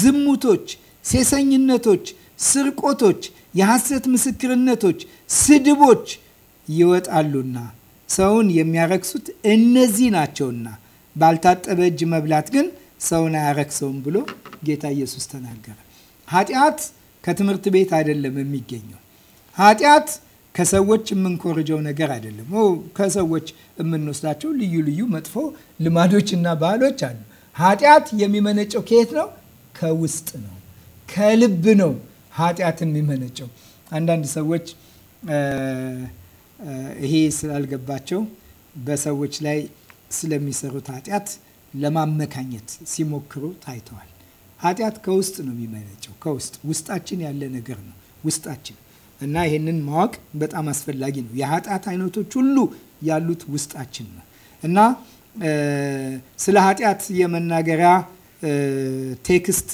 ዝሙቶች፣ ሴሰኝነቶች፣ ስርቆቶች የሐሰት ምስክርነቶች፣ ስድቦች ይወጣሉና ሰውን የሚያረክሱት እነዚህ ናቸውና ባልታጠበ እጅ መብላት ግን ሰውን አያረክሰውም ብሎ ጌታ ኢየሱስ ተናገረ። ኃጢአት ከትምህርት ቤት አይደለም የሚገኘው። ኃጢአት ከሰዎች የምንኮርጀው ነገር አይደለም። ከሰዎች የምንወስዳቸው ልዩ ልዩ መጥፎ ልማዶችና ባህሎች አሉ። ኃጢአት የሚመነጨው ከየት ነው? ከውስጥ ነው፣ ከልብ ነው ኃጢአትም የሚመነጨው። አንዳንድ ሰዎች ይሄ ስላልገባቸው በሰዎች ላይ ስለሚሰሩት ኃጢአት ለማመካኘት ሲሞክሩ ታይተዋል። ኃጢአት ከውስጥ ነው የሚመነጨው። ከውስጥ ውስጣችን ያለ ነገር ነው ውስጣችን እና ይህንን ማወቅ በጣም አስፈላጊ ነው። የኃጢአት አይነቶች ሁሉ ያሉት ውስጣችን ነው እና ስለ ኃጢአት የመናገሪያ ቴክስት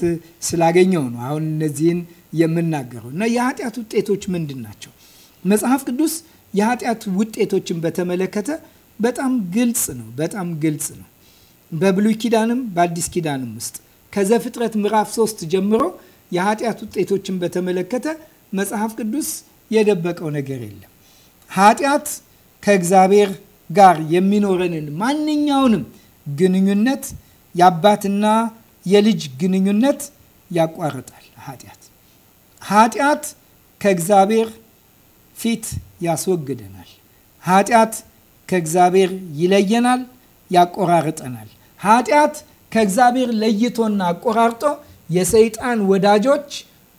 ስላገኘው ነው አሁን እነዚህን የምናገረው እና የኃጢአት ውጤቶች ምንድን ናቸው? መጽሐፍ ቅዱስ የኃጢአት ውጤቶችን በተመለከተ በጣም ግልጽ ነው። በጣም ግልጽ ነው። በብሉይ ኪዳንም በአዲስ ኪዳንም ውስጥ ከዘፍጥረት ምዕራፍ ሶስት ጀምሮ የኃጢአት ውጤቶችን በተመለከተ መጽሐፍ ቅዱስ የደበቀው ነገር የለም። ኃጢአት ከእግዚአብሔር ጋር የሚኖረንን ማንኛውንም ግንኙነት የአባትና የልጅ ግንኙነት ያቋርጣል። ኃጢአት ኃጢአት ከእግዚአብሔር ፊት ያስወግደናል። ኃጢአት ከእግዚአብሔር ይለየናል፣ ያቆራርጠናል። ኃጢአት ከእግዚአብሔር ለይቶና አቆራርጦ የሰይጣን ወዳጆች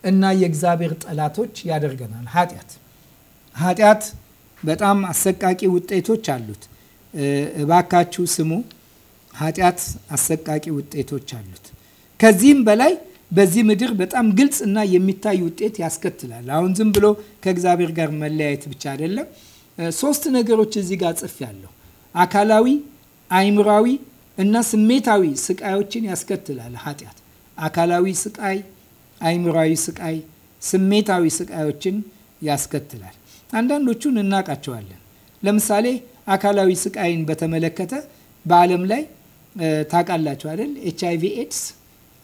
እና የእግዚአብሔር ጠላቶች ያደርገናል። ኃጢአት ኃጢአት በጣም አሰቃቂ ውጤቶች አሉት። እባካችሁ ስሙ። ኃጢአት አሰቃቂ ውጤቶች አሉት። ከዚህም በላይ በዚህ ምድር በጣም ግልጽ እና የሚታይ ውጤት ያስከትላል። አሁን ዝም ብሎ ከእግዚአብሔር ጋር መለያየት ብቻ አይደለም። ሶስት ነገሮች እዚህ ጋር ጽፍ ያለሁ አካላዊ፣ አይምራዊ እና ስሜታዊ ስቃዮችን ያስከትላል ኃጢአት። አካላዊ ስቃይ፣ አይምራዊ ስቃይ፣ ስሜታዊ ስቃዮችን ያስከትላል። አንዳንዶቹን እናውቃቸዋለን። ለምሳሌ አካላዊ ስቃይን በተመለከተ በዓለም ላይ ታውቃላችሁ አይደል ኤች አይ ቪ ኤድስ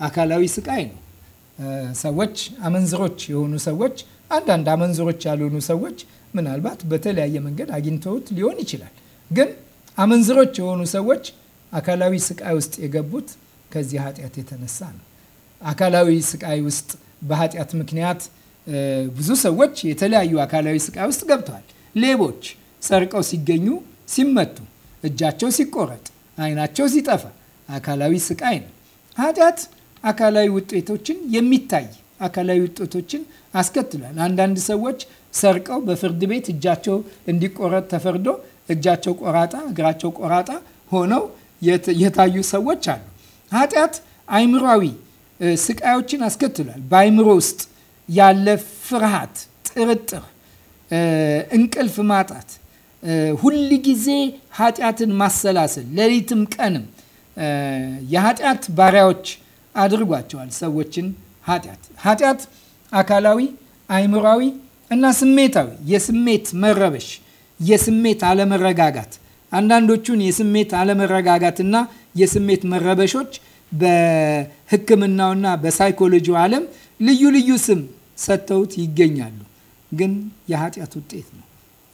አካላዊ ስቃይ ነው። ሰዎች አመንዝሮች የሆኑ ሰዎች፣ አንዳንድ አመንዝሮች ያልሆኑ ሰዎች ምናልባት በተለያየ መንገድ አግኝተውት ሊሆን ይችላል። ግን አመንዝሮች የሆኑ ሰዎች አካላዊ ስቃይ ውስጥ የገቡት ከዚህ ኃጢአት የተነሳ ነው። አካላዊ ስቃይ ውስጥ በኃጢአት ምክንያት ብዙ ሰዎች የተለያዩ አካላዊ ስቃይ ውስጥ ገብተዋል። ሌቦች ሰርቀው ሲገኙ ሲመቱ፣ እጃቸው ሲቆረጥ፣ አይናቸው ሲጠፋ አካላዊ ስቃይ ነው። ኃጢአት አካላዊ ውጤቶችን የሚታይ አካላዊ ውጤቶችን አስከትሏል። አንዳንድ ሰዎች ሰርቀው በፍርድ ቤት እጃቸው እንዲቆረጥ ተፈርዶ እጃቸው ቆራጣ፣ እግራቸው ቆራጣ ሆነው የታዩ ሰዎች አሉ። ኃጢአት አይምሯዊ ስቃዮችን አስከትሏል። በአይምሮ ውስጥ ያለ ፍርሃት፣ ጥርጥር፣ እንቅልፍ ማጣት፣ ሁል ጊዜ ኃጢአትን ማሰላሰል ሌሊትም ቀንም የኃጢአት ባሪያዎች አድርጓቸዋል ሰዎችን ኃጢአት ኃጢአት አካላዊ፣ አይምራዊ እና ስሜታዊ የስሜት መረበሽ፣ የስሜት አለመረጋጋት አንዳንዶቹን የስሜት አለመረጋጋትና የስሜት መረበሾች በህክምናውና በሳይኮሎጂው ዓለም ልዩ ልዩ ስም ሰጥተውት ይገኛሉ። ግን የኃጢአት ውጤት ነው።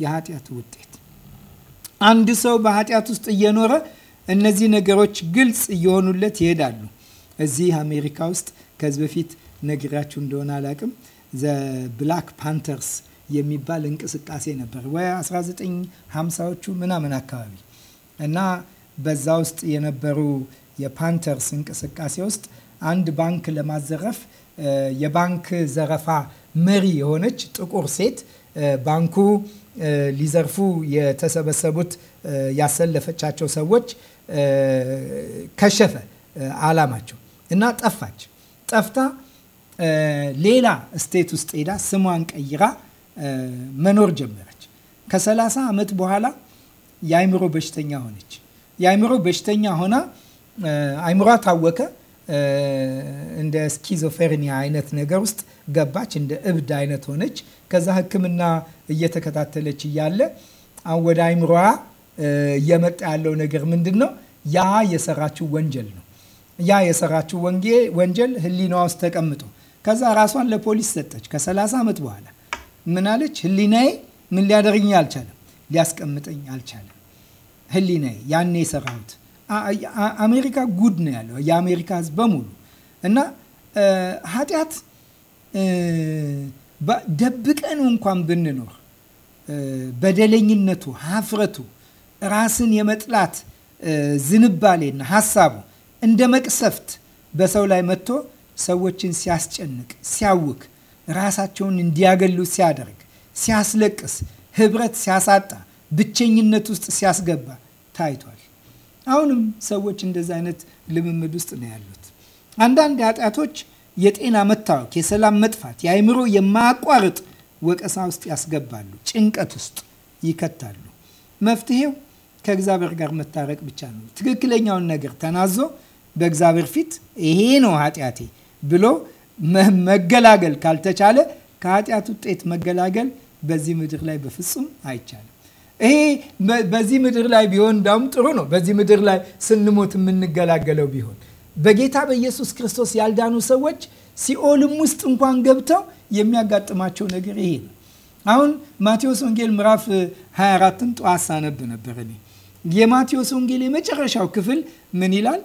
የኃጢአት ውጤት አንድ ሰው በኃጢአት ውስጥ እየኖረ እነዚህ ነገሮች ግልጽ እየሆኑለት ይሄዳሉ። እዚህ አሜሪካ ውስጥ ከዚህ በፊት ነግራችሁ እንደሆነ አላቅም ዘ ብላክ ፓንተርስ የሚባል እንቅስቃሴ ነበር ወይ 1950ዎቹ ምናምን አካባቢ እና በዛ ውስጥ የነበሩ የፓንተርስ እንቅስቃሴ ውስጥ አንድ ባንክ ለማዘረፍ የባንክ ዘረፋ መሪ የሆነች ጥቁር ሴት ባንኩ ሊዘርፉ የተሰበሰቡት ያሰለፈቻቸው ሰዎች ከሸፈ አላማቸው እና ጠፋች። ጠፍታ ሌላ ስቴት ውስጥ ሄዳ ስሟን ቀይራ መኖር ጀመረች። ከሰላሳ ዓመት በኋላ የአይምሮ በሽተኛ ሆነች። የአይምሮ በሽተኛ ሆና አይምሯ ታወከ። እንደ ስኪዞፌርኒያ አይነት ነገር ውስጥ ገባች። እንደ እብድ አይነት ሆነች። ከዛ ሕክምና እየተከታተለች እያለ ወደ አይምሯ እየመጣ ያለው ነገር ምንድን ነው? ያ የሰራችው ወንጀል ነው። ያ የሰራችው ወንጀል ህሊና ውስጥ ተቀምጦ ከዛ ራሷን ለፖሊስ ሰጠች። ከ30 ዓመት በኋላ ምን አለች? ህሊናዬ ምን ሊያደርግኝ አልቻለም፣ ሊያስቀምጠኝ አልቻለም። ህሊናዬ ያኔ የሰራሁት አሜሪካ ጉድ ነው ያለው የአሜሪካ ህዝብ በሙሉ እና ኃጢአት ደብቀን እንኳን ብንኖር በደለኝነቱ፣ ሀፍረቱ፣ ራስን የመጥላት ዝንባሌና ሀሳቡ እንደ መቅሰፍት በሰው ላይ መጥቶ ሰዎችን ሲያስጨንቅ፣ ሲያውክ፣ ራሳቸውን እንዲያገሉ ሲያደርግ፣ ሲያስለቅስ፣ ህብረት ሲያሳጣ፣ ብቸኝነት ውስጥ ሲያስገባ ታይቷል። አሁንም ሰዎች እንደዚህ አይነት ልምምድ ውስጥ ነው ያሉት። አንዳንድ ኃጢአቶች የጤና መታወክ፣ የሰላም መጥፋት፣ የአይምሮ የማያቋርጥ ወቀሳ ውስጥ ያስገባሉ። ጭንቀት ውስጥ ይከታሉ። መፍትሄው ከእግዚአብሔር ጋር መታረቅ ብቻ ነው። ትክክለኛውን ነገር ተናዞ በእግዚአብሔር ፊት ይሄ ነው ኃጢአቴ ብሎ መገላገል ካልተቻለ ከኃጢአት ውጤት መገላገል በዚህ ምድር ላይ በፍጹም አይቻልም። ይሄ በዚህ ምድር ላይ ቢሆን እንዳውም ጥሩ ነው። በዚህ ምድር ላይ ስንሞት የምንገላገለው ቢሆን በጌታ በኢየሱስ ክርስቶስ ያልዳኑ ሰዎች ሲኦልም ውስጥ እንኳን ገብተው የሚያጋጥማቸው ነገር ይሄ ነው። አሁን ማቴዎስ ወንጌል ምዕራፍ 24ን ጠዋት ሳነብ ነበር እኔ። የማቴዎስ ወንጌል የመጨረሻው ክፍል ምን ይላል?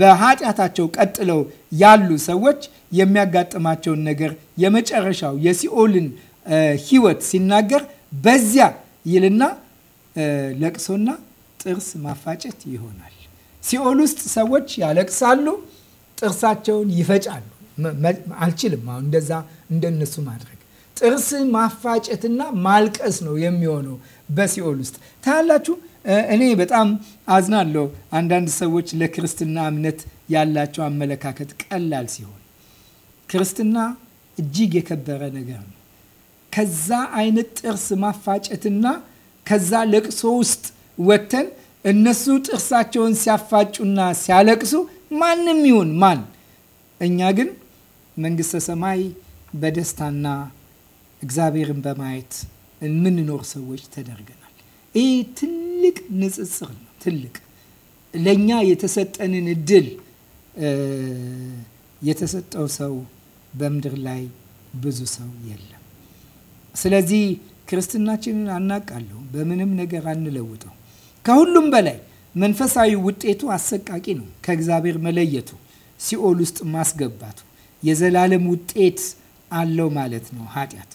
በኃጢአታቸው ቀጥለው ያሉ ሰዎች የሚያጋጥማቸውን ነገር የመጨረሻው የሲኦልን ህይወት ሲናገር በዚያ ይልና ለቅሶና ጥርስ ማፋጨት ይሆናል። ሲኦል ውስጥ ሰዎች ያለቅሳሉ፣ ጥርሳቸውን ይፈጫሉ። አልችልም አሁን እንደዛ እንደነሱ ማድረግ ጥርስ ማፋጨትና ማልቀስ ነው የሚሆነው በሲኦል ውስጥ ታያላችሁ። እኔ በጣም አዝናለሁ። አንዳንድ ሰዎች ለክርስትና እምነት ያላቸው አመለካከት ቀላል ሲሆን ክርስትና እጅግ የከበረ ነገር ነው። ከዛ አይነት ጥርስ ማፋጨትና ከዛ ለቅሶ ውስጥ ወጥተን እነሱ ጥርሳቸውን ሲያፋጩና ሲያለቅሱ ማንም ይሁን ማን፣ እኛ ግን መንግስተ ሰማይ በደስታና እግዚአብሔርን በማየት የምንኖር ሰዎች ተደርገን ይህ ትልቅ ንጽጽር ነው። ትልቅ ለእኛ የተሰጠንን እድል የተሰጠው ሰው በምድር ላይ ብዙ ሰው የለም። ስለዚህ ክርስትናችንን አናቃለሁ፣ በምንም ነገር አንለውጠው። ከሁሉም በላይ መንፈሳዊ ውጤቱ አሰቃቂ ነው። ከእግዚአብሔር መለየቱ፣ ሲኦል ውስጥ ማስገባቱ የዘላለም ውጤት አለው ማለት ነው። ኃጢአት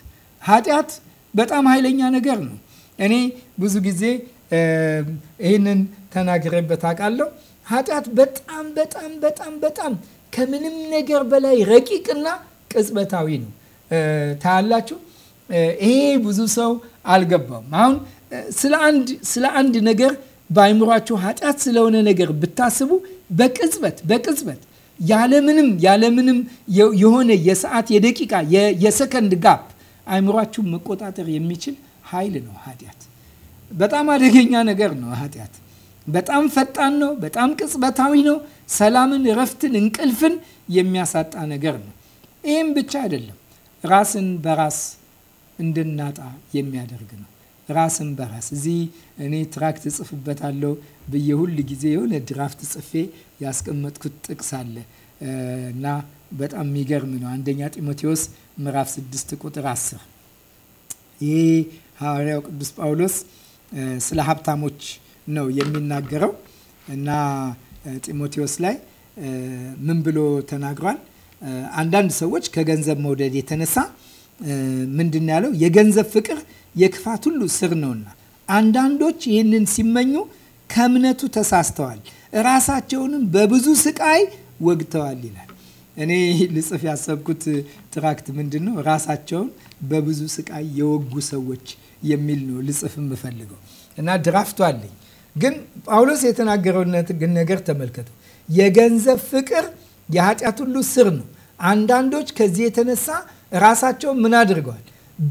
ኃጢአት በጣም ኃይለኛ ነገር ነው። እኔ ብዙ ጊዜ ይህንን ተናግሬበት አውቃለሁ። ኃጢአት በጣም በጣም በጣም በጣም ከምንም ነገር በላይ ረቂቅና ቅጽበታዊ ነው። ታያላችሁ። ይሄ ብዙ ሰው አልገባም። አሁን ስለ አንድ ነገር በአይምሯችሁ ኃጢአት ስለሆነ ነገር ብታስቡ በቅጽበት በቅጽበት ያለምንም ያለምንም የሆነ የሰዓት የደቂቃ የሰከንድ ጋፕ አይምሯችሁ መቆጣጠር የሚችል ኃይል ነው ኃጢአት። በጣም አደገኛ ነገር ነው ኃጢአት። በጣም ፈጣን ነው። በጣም ቅጽበታዊ ነው። ሰላምን፣ እረፍትን፣ እንቅልፍን የሚያሳጣ ነገር ነው። ይህም ብቻ አይደለም፣ ራስን በራስ እንድናጣ የሚያደርግ ነው። ራስን በራስ እዚህ እኔ ትራክት እጽፍበታለሁ ብዬ ሁል ጊዜ የሆነ ድራፍት ጽፌ ያስቀመጥኩት ጥቅስ አለ እና በጣም የሚገርም ነው። አንደኛ ጢሞቴዎስ ምዕራፍ 6 ቁጥር 10 ይህ ሐዋርያው ቅዱስ ጳውሎስ ስለ ሀብታሞች ነው የሚናገረው እና ጢሞቴዎስ ላይ ምን ብሎ ተናግሯል? አንዳንድ ሰዎች ከገንዘብ መውደድ የተነሳ ምንድን ያለው የገንዘብ ፍቅር የክፋት ሁሉ ስር ነውና አንዳንዶች ይህንን ሲመኙ ከእምነቱ ተሳስተዋል፣ ራሳቸውንም በብዙ ስቃይ ወግተዋል ይላል። እኔ ልጽፍ ያሰብኩት ትራክት ምንድን ነው? ራሳቸውን በብዙ ስቃይ የወጉ ሰዎች የሚል ነው ልጽፍ የምፈልገው እና ድራፍቱ አለኝ። ግን ጳውሎስ የተናገረው ግን ነገር ተመልከቱ። የገንዘብ ፍቅር የኃጢአት ሁሉ ስር ነው። አንዳንዶች ከዚህ የተነሳ ራሳቸው ምን አድርገዋል?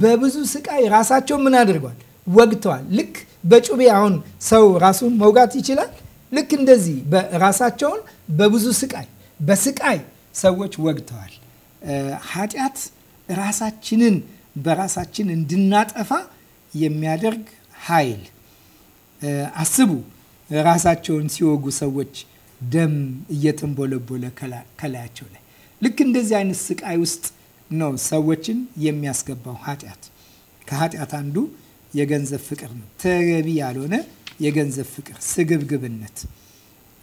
በብዙ ስቃይ ራሳቸው ምን አድርገዋል? ወግተዋል። ልክ በጩቤ አሁን ሰው ራሱን መውጋት ይችላል። ልክ እንደዚህ ራሳቸውን በብዙ ስቃይ በስቃይ ሰዎች ወግተዋል። ኃጢአት ራሳችንን በራሳችን እንድናጠፋ የሚያደርግ ኃይል። አስቡ ራሳቸውን ሲወጉ ሰዎች ደም እየተንቦለቦለ ከላያቸው ላይ። ልክ እንደዚህ አይነት ስቃይ ውስጥ ነው ሰዎችን የሚያስገባው ኃጢአት። ከኃጢአት አንዱ የገንዘብ ፍቅር ነው። ተገቢ ያልሆነ የገንዘብ ፍቅር፣ ስግብግብነት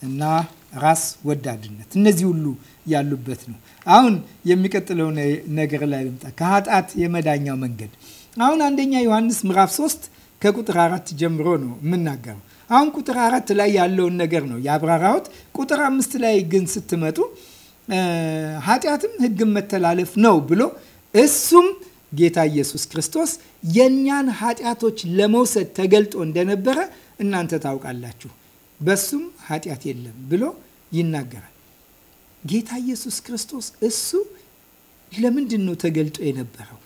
እና ራስ ወዳድነት እነዚህ ሁሉ ያሉበት ነው። አሁን የሚቀጥለው ነገር ላይ ልምጣ። ከኃጢአት የመዳኛው መንገድ አሁን አንደኛ ዮሐንስ ምዕራፍ 3 ከቁጥር አራት ጀምሮ ነው የምናገረው። አሁን ቁጥር አራት ላይ ያለውን ነገር ነው ያብራራሁት። ቁጥር አምስት ላይ ግን ስትመጡ ኃጢአትም ሕግም መተላለፍ ነው ብሎ እሱም ጌታ ኢየሱስ ክርስቶስ የእኛን ኃጢአቶች ለመውሰድ ተገልጦ እንደነበረ እናንተ ታውቃላችሁ፣ በሱም ኃጢአት የለም ብሎ ይናገራል። ጌታ ኢየሱስ ክርስቶስ እሱ ለምንድን ነው ተገልጦ የነበረው?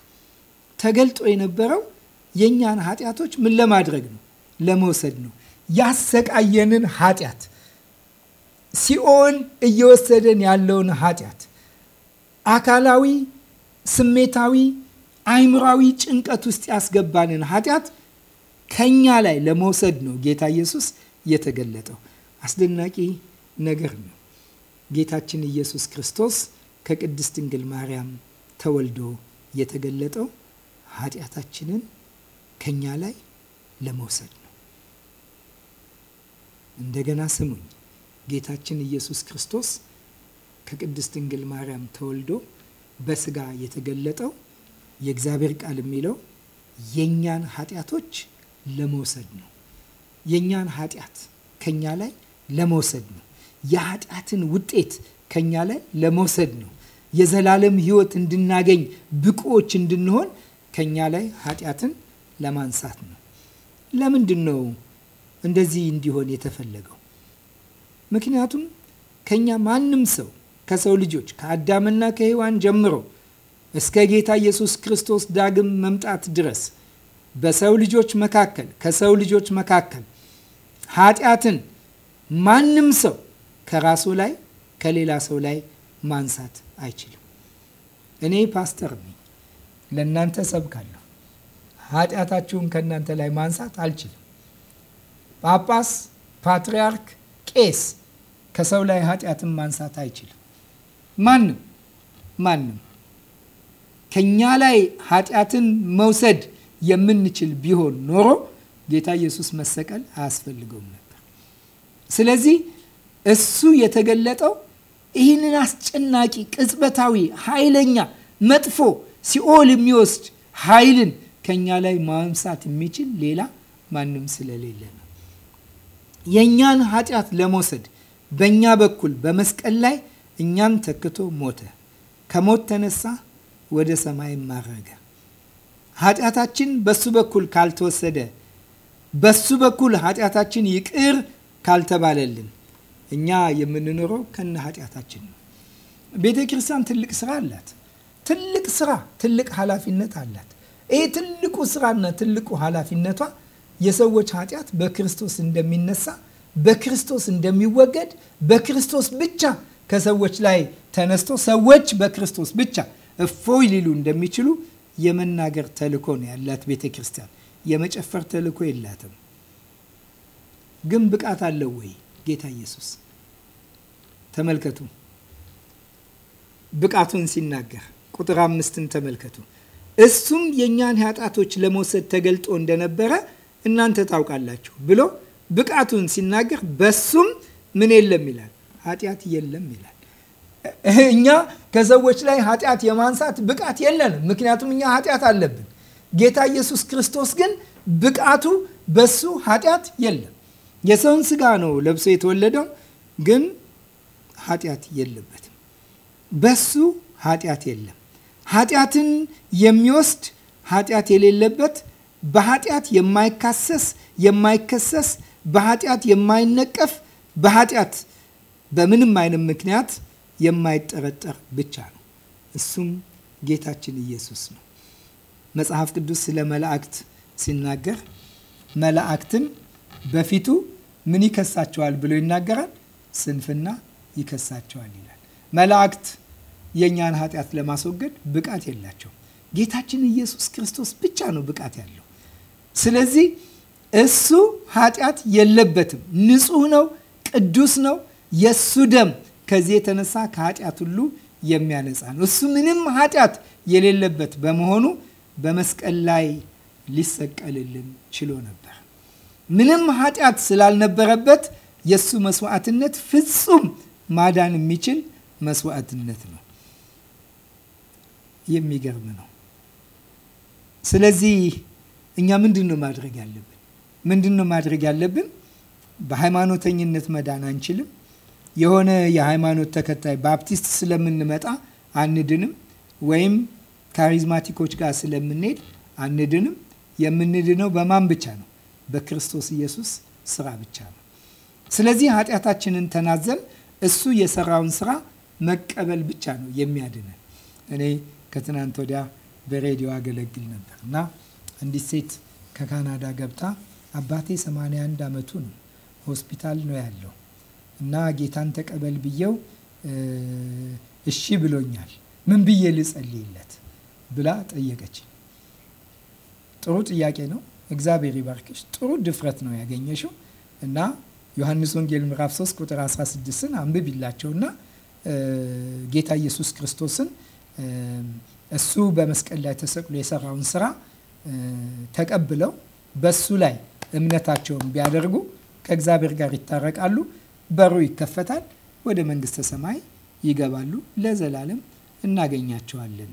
ተገልጦ የነበረው የእኛን ኃጢአቶች ምን ለማድረግ ነው? ለመውሰድ ነው። ያሰቃየንን ኃጢአት፣ ሲኦን እየወሰደን ያለውን ኃጢአት፣ አካላዊ፣ ስሜታዊ፣ አይምራዊ ጭንቀት ውስጥ ያስገባንን ኃጢአት ከኛ ላይ ለመውሰድ ነው ጌታ ኢየሱስ የተገለጠው። አስደናቂ ነገር ነው። ጌታችን ኢየሱስ ክርስቶስ ከቅድስት ድንግል ማርያም ተወልዶ የተገለጠው ኃጢአታችንን ከኛ ላይ ለመውሰድ ነው። እንደገና ስሙኝ። ጌታችን ኢየሱስ ክርስቶስ ከቅድስት ድንግል ማርያም ተወልዶ በስጋ የተገለጠው የእግዚአብሔር ቃል የሚለው የእኛን ኃጢአቶች ለመውሰድ ነው። የእኛን ኃጢአት ከኛ ላይ ለመውሰድ ነው። የኃጢአትን ውጤት ከኛ ላይ ለመውሰድ ነው። የዘላለም ሕይወት እንድናገኝ ብቁዎች እንድንሆን ከኛ ላይ ኃጢአትን ለማንሳት ነው። ለምንድን ነው እንደዚህ እንዲሆን የተፈለገው? ምክንያቱም ከኛ ማንም ሰው ከሰው ልጆች ከአዳምና ከሔዋን ጀምሮ እስከ ጌታ ኢየሱስ ክርስቶስ ዳግም መምጣት ድረስ በሰው ልጆች መካከል ከሰው ልጆች መካከል ኃጢአትን ማንም ሰው ከራሱ ላይ ከሌላ ሰው ላይ ማንሳት አይችልም። እኔ ፓስተር ነኝ። ለእናንተ ሰብካለሁ። ኃጢአታችሁን ከእናንተ ላይ ማንሳት አልችልም። ጳጳስ፣ ፓትርያርክ፣ ቄስ ከሰው ላይ ኃጢአትን ማንሳት አይችልም። ማንም ማንም ከኛ ላይ ኃጢአትን መውሰድ የምንችል ቢሆን ኖሮ ጌታ ኢየሱስ መሰቀል አያስፈልገውም ነበር። ስለዚህ እሱ የተገለጠው ይህንን አስጨናቂ፣ ቅጽበታዊ፣ ኃይለኛ፣ መጥፎ ሲኦል የሚወስድ ኃይልን ከኛ ላይ ማንሳት የሚችል ሌላ ማንም ስለሌለ ነው። የእኛን ኃጢአት ለመውሰድ በእኛ በኩል በመስቀል ላይ እኛን ተክቶ ሞተ። ከሞት ተነሳ፣ ወደ ሰማይ ማረገ። ኃጢአታችን በሱ በኩል ካልተወሰደ፣ በሱ በኩል ኃጢአታችን ይቅር ካልተባለልን እኛ የምንኖረው ከነ ኃጢአታችን ነው። ቤተ ክርስቲያን ትልቅ ስራ አላት። ትልቅ ስራ፣ ትልቅ ኃላፊነት አላት። ይሄ ትልቁ ስራና ትልቁ ኃላፊነቷ የሰዎች ኃጢአት በክርስቶስ እንደሚነሳ፣ በክርስቶስ እንደሚወገድ፣ በክርስቶስ ብቻ ከሰዎች ላይ ተነስቶ ሰዎች በክርስቶስ ብቻ እፎይ ሊሉ እንደሚችሉ የመናገር ተልእኮ ነው ያላት ቤተ ክርስቲያን። የመጨፈር ተልእኮ የላትም። ግን ብቃት አለው ወይ ጌታ ኢየሱስ? ተመልከቱ ብቃቱን ሲናገር ቁጥር አምስትን ተመልከቱ። እሱም የእኛን ኃጢአቶች ለመውሰድ ተገልጦ እንደነበረ እናንተ ታውቃላችሁ ብሎ ብቃቱን ሲናገር በሱም ምን የለም ይላል፣ ኃጢአት የለም ይላል። እኛ ከሰዎች ላይ ኃጢአት የማንሳት ብቃት የለንም፣ ምክንያቱም እኛ ኃጢአት አለብን። ጌታ ኢየሱስ ክርስቶስ ግን ብቃቱ በሱ ኃጢአት የለም። የሰውን ስጋ ነው ለብሶ የተወለደው፣ ግን ኃጢአት የለበትም። በሱ ኃጢአት የለም። ኃጢአትን የሚወስድ ኃጢአት የሌለበት በኃጢአት የማይካሰስ የማይከሰስ በኃጢአት የማይነቀፍ በኃጢአት በምንም አይነት ምክንያት የማይጠረጠር ብቻ ነው። እሱም ጌታችን ኢየሱስ ነው። መጽሐፍ ቅዱስ ስለ መላእክት ሲናገር መላእክትም በፊቱ ምን ይከሳቸዋል ብሎ ይናገራል? ስንፍና ይከሳቸዋል ይላል። መላእክት የእኛን ኃጢአት ለማስወገድ ብቃት የላቸው። ጌታችን ኢየሱስ ክርስቶስ ብቻ ነው ብቃት ያለው። ስለዚህ እሱ ኃጢአት የለበትም፣ ንጹህ ነው፣ ቅዱስ ነው። የእሱ ደም ከዚህ የተነሳ ከኃጢአት ሁሉ የሚያነጻ ነው። እሱ ምንም ኃጢአት የሌለበት በመሆኑ በመስቀል ላይ ሊሰቀልልን ችሎ ነበር። ምንም ኃጢአት ስላልነበረበት የእሱ መስዋዕትነት ፍጹም ማዳን የሚችል መስዋዕትነት ነው። የሚገርም ነው። ስለዚህ እኛ ምንድን ነው ማድረግ ያለብን? ምንድን ነው ማድረግ ያለብን? በሃይማኖተኝነት መዳን አንችልም። የሆነ የሃይማኖት ተከታይ ባፕቲስት ስለምንመጣ አንድንም፣ ወይም ካሪዝማቲኮች ጋር ስለምንሄድ አንድንም። የምንድነው በማን ብቻ ነው? በክርስቶስ ኢየሱስ ስራ ብቻ ነው። ስለዚህ ኃጢአታችንን ተናዘን እሱ የሰራውን ስራ መቀበል ብቻ ነው የሚያድነን። እኔ ከትናንት ወዲያ በሬዲዮ አገለግል ነበር እና አንዲት ሴት ከካናዳ ገብታ አባቴ 81 ዓመቱ ነው፣ ሆስፒታል ነው ያለው እና ጌታን ተቀበል ብዬው እሺ ብሎኛል፣ ምን ብዬ ልጸልይለት ብላ ጠየቀች። ጥሩ ጥያቄ ነው። እግዚአብሔር ይባርክሽ። ጥሩ ድፍረት ነው ያገኘሽው እና ዮሐንስ ወንጌል ምዕራፍ 3 ቁጥር 16ን አንብቢላቸውና ጌታ ኢየሱስ ክርስቶስን እሱ በመስቀል ላይ ተሰቅሎ የሰራውን ስራ ተቀብለው በሱ ላይ እምነታቸውን ቢያደርጉ ከእግዚአብሔር ጋር ይታረቃሉ። በሩ ይከፈታል። ወደ መንግስተ ሰማይ ይገባሉ። ለዘላለም እናገኛቸዋለን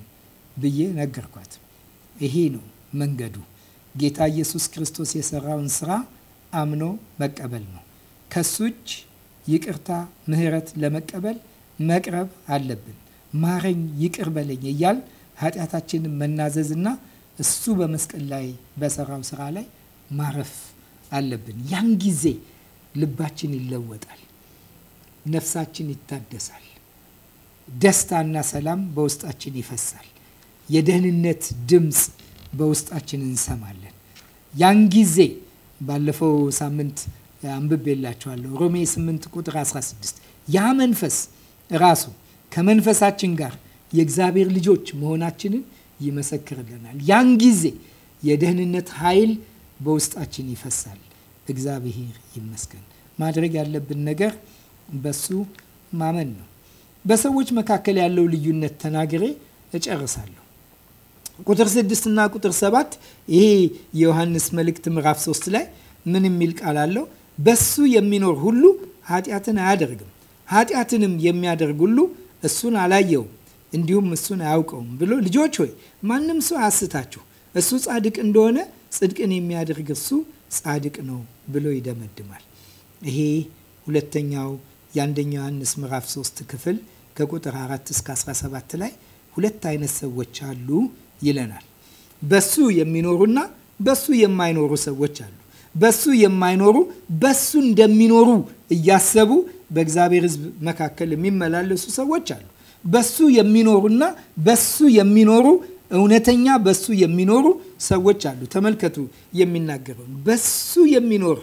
ብዬ ነገርኳት። ይሄ ነው መንገዱ። ጌታ ኢየሱስ ክርስቶስ የሰራውን ስራ አምኖ መቀበል ነው። ከሱች ይቅርታ፣ ምህረት ለመቀበል መቅረብ አለብን። ማረኝ፣ ይቅር በለኝ እያል ኃጢአታችንን መናዘዝና እሱ በመስቀል ላይ በሰራው ስራ ላይ ማረፍ አለብን። ያን ጊዜ ልባችን ይለወጣል፣ ነፍሳችን ይታደሳል፣ ደስታና ሰላም በውስጣችን ይፈሳል፣ የደህንነት ድምፅ በውስጣችን እንሰማለን። ያን ጊዜ ባለፈው ሳምንት አንብቤላችኋለሁ ሮሜ 8 ቁጥር 16 ያ መንፈስ ራሱ ከመንፈሳችን ጋር የእግዚአብሔር ልጆች መሆናችንን ይመሰክርልናል። ያን ጊዜ የደህንነት ኃይል በውስጣችን ይፈሳል። እግዚአብሔር ይመስገን። ማድረግ ያለብን ነገር በሱ ማመን ነው። በሰዎች መካከል ያለው ልዩነት ተናግሬ እጨርሳለሁ። ቁጥር ስድስት እና ቁጥር ሰባት ይሄ የዮሐንስ መልእክት ምዕራፍ ሶስት ላይ ምን የሚል ቃል አለው? በሱ የሚኖር ሁሉ ኃጢአትን አያደርግም፣ ኃጢአትንም የሚያደርግ ሁሉ እሱን አላየውም እንዲሁም እሱን አያውቀውም ብሎ ልጆች ሆይ ማንም ሰው አያስታችሁ፣ እሱ ጻድቅ እንደሆነ ጽድቅን የሚያደርግ እሱ ጻድቅ ነው ብሎ ይደመድማል። ይሄ ሁለተኛው የአንደኛው ዮሐንስ ምዕራፍ 3 ክፍል ከቁጥር 4 እስከ 17 ላይ ሁለት አይነት ሰዎች አሉ ይለናል። በሱ የሚኖሩና በሱ የማይኖሩ ሰዎች አሉ። በሱ የማይኖሩ በሱ እንደሚኖሩ እያሰቡ በእግዚአብሔር ሕዝብ መካከል የሚመላለሱ ሰዎች አሉ። በሱ የሚኖሩና በሱ የሚኖሩ እውነተኛ በሱ የሚኖሩ ሰዎች አሉ። ተመልከቱ የሚናገረው በሱ የሚኖር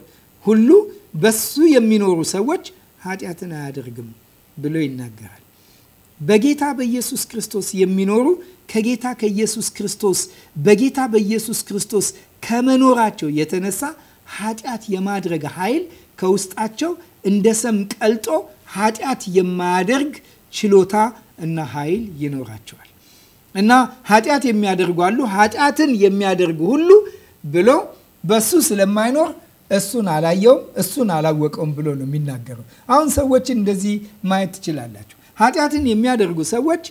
ሁሉ በሱ የሚኖሩ ሰዎች ኃጢአትን አያደርግም ብሎ ይናገራል። በጌታ በኢየሱስ ክርስቶስ የሚኖሩ ከጌታ ከኢየሱስ ክርስቶስ በጌታ በኢየሱስ ክርስቶስ ከመኖራቸው የተነሳ ኃጢአት የማድረግ ኃይል ከውስጣቸው እንደ ሰም ቀልጦ ኃጢአት የማያደርግ ችሎታ እና ኃይል ይኖራቸዋል። እና ኃጢአት የሚያደርጉ አሉ። ኃጢአትን የሚያደርጉ ሁሉ ብሎ በሱ ስለማይኖር እሱን አላየውም እሱን አላወቀውም ብሎ ነው የሚናገረው። አሁን ሰዎችን እንደዚህ ማየት ትችላላችሁ። ኃጢአትን የሚያደርጉ ሰዎች